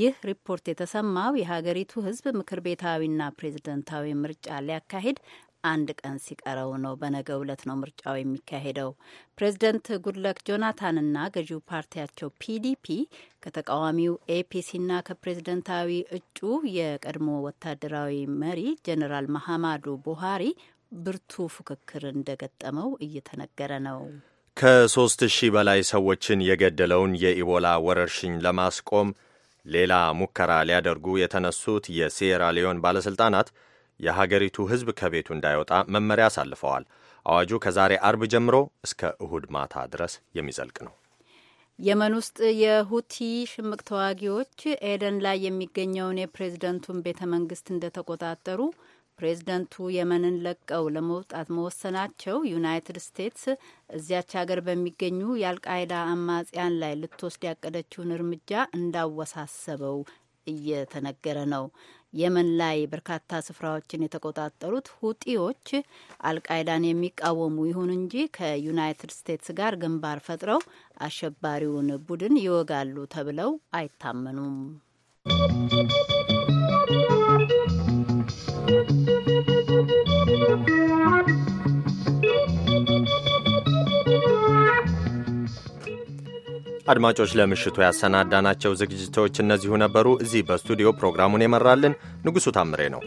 ይህ ሪፖርት የተሰማው የሀገሪቱ ህዝብ ምክር ቤታዊና ፕሬዝደንታዊ ምርጫ ሊያካሂድ አንድ ቀን ሲቀረው ነው። በነገ ዕለት ነው ምርጫው የሚካሄደው። ፕሬዝደንት ጉድለክ ጆናታንና ገዢው ፓርቲያቸው ፒዲፒ ከተቃዋሚው ኤፒሲና ከፕሬዝደንታዊ እጩ የቀድሞ ወታደራዊ መሪ ጀኔራል መሐማዱ ቡሃሪ ብርቱ ፉክክር እንደገጠመው እየተነገረ ነው። ከሶስት ሺህ በላይ ሰዎችን የገደለውን የኢቦላ ወረርሽኝ ለማስቆም ሌላ ሙከራ ሊያደርጉ የተነሱት የሴራ ሊዮን ባለሥልጣናት የሀገሪቱ ሕዝብ ከቤቱ እንዳይወጣ መመሪያ አሳልፈዋል። አዋጁ ከዛሬ አርብ ጀምሮ እስከ እሁድ ማታ ድረስ የሚዘልቅ ነው። የመን ውስጥ የሁቲ ሽምቅ ተዋጊዎች ኤደን ላይ የሚገኘውን የፕሬዝደንቱን ቤተ መንግስት እንደተቆጣጠሩ ፕሬዝደንቱ የመንን ለቀው ለመውጣት መወሰናቸው ዩናይትድ ስቴትስ እዚያች ሀገር በሚገኙ የአልቃይዳ አማጽያን ላይ ልትወስድ ያቀደችውን እርምጃ እንዳወሳሰበው እየተነገረ ነው። የመን ላይ በርካታ ስፍራዎችን የተቆጣጠሩት ሁጢዎች አልቃይዳን የሚቃወሙ ይሁን እንጂ ከዩናይትድ ስቴትስ ጋር ግንባር ፈጥረው አሸባሪውን ቡድን ይወጋሉ ተብለው አይታመኑም። አድማጮች ለምሽቱ ያሰናዳናቸው ዝግጅቶች እነዚሁ ነበሩ። እዚህ በስቱዲዮ ፕሮግራሙን የመራልን ንጉሡ ታምሬ ነው።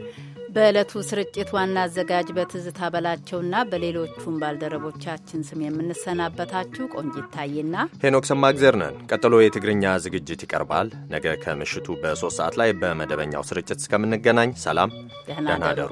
በዕለቱ ስርጭት ዋና አዘጋጅ በትዝታ በላቸውና በሌሎቹም ባልደረቦቻችን ስም የምንሰናበታችሁ ቆንጂት ታይና ሄኖክ ሰማግዜር ነን። ቀጥሎ የትግርኛ ዝግጅት ይቀርባል። ነገ ከምሽቱ በሶስት ሰዓት ላይ በመደበኛው ስርጭት እስከምንገናኝ ሰላም፣ ደህና ደሩ።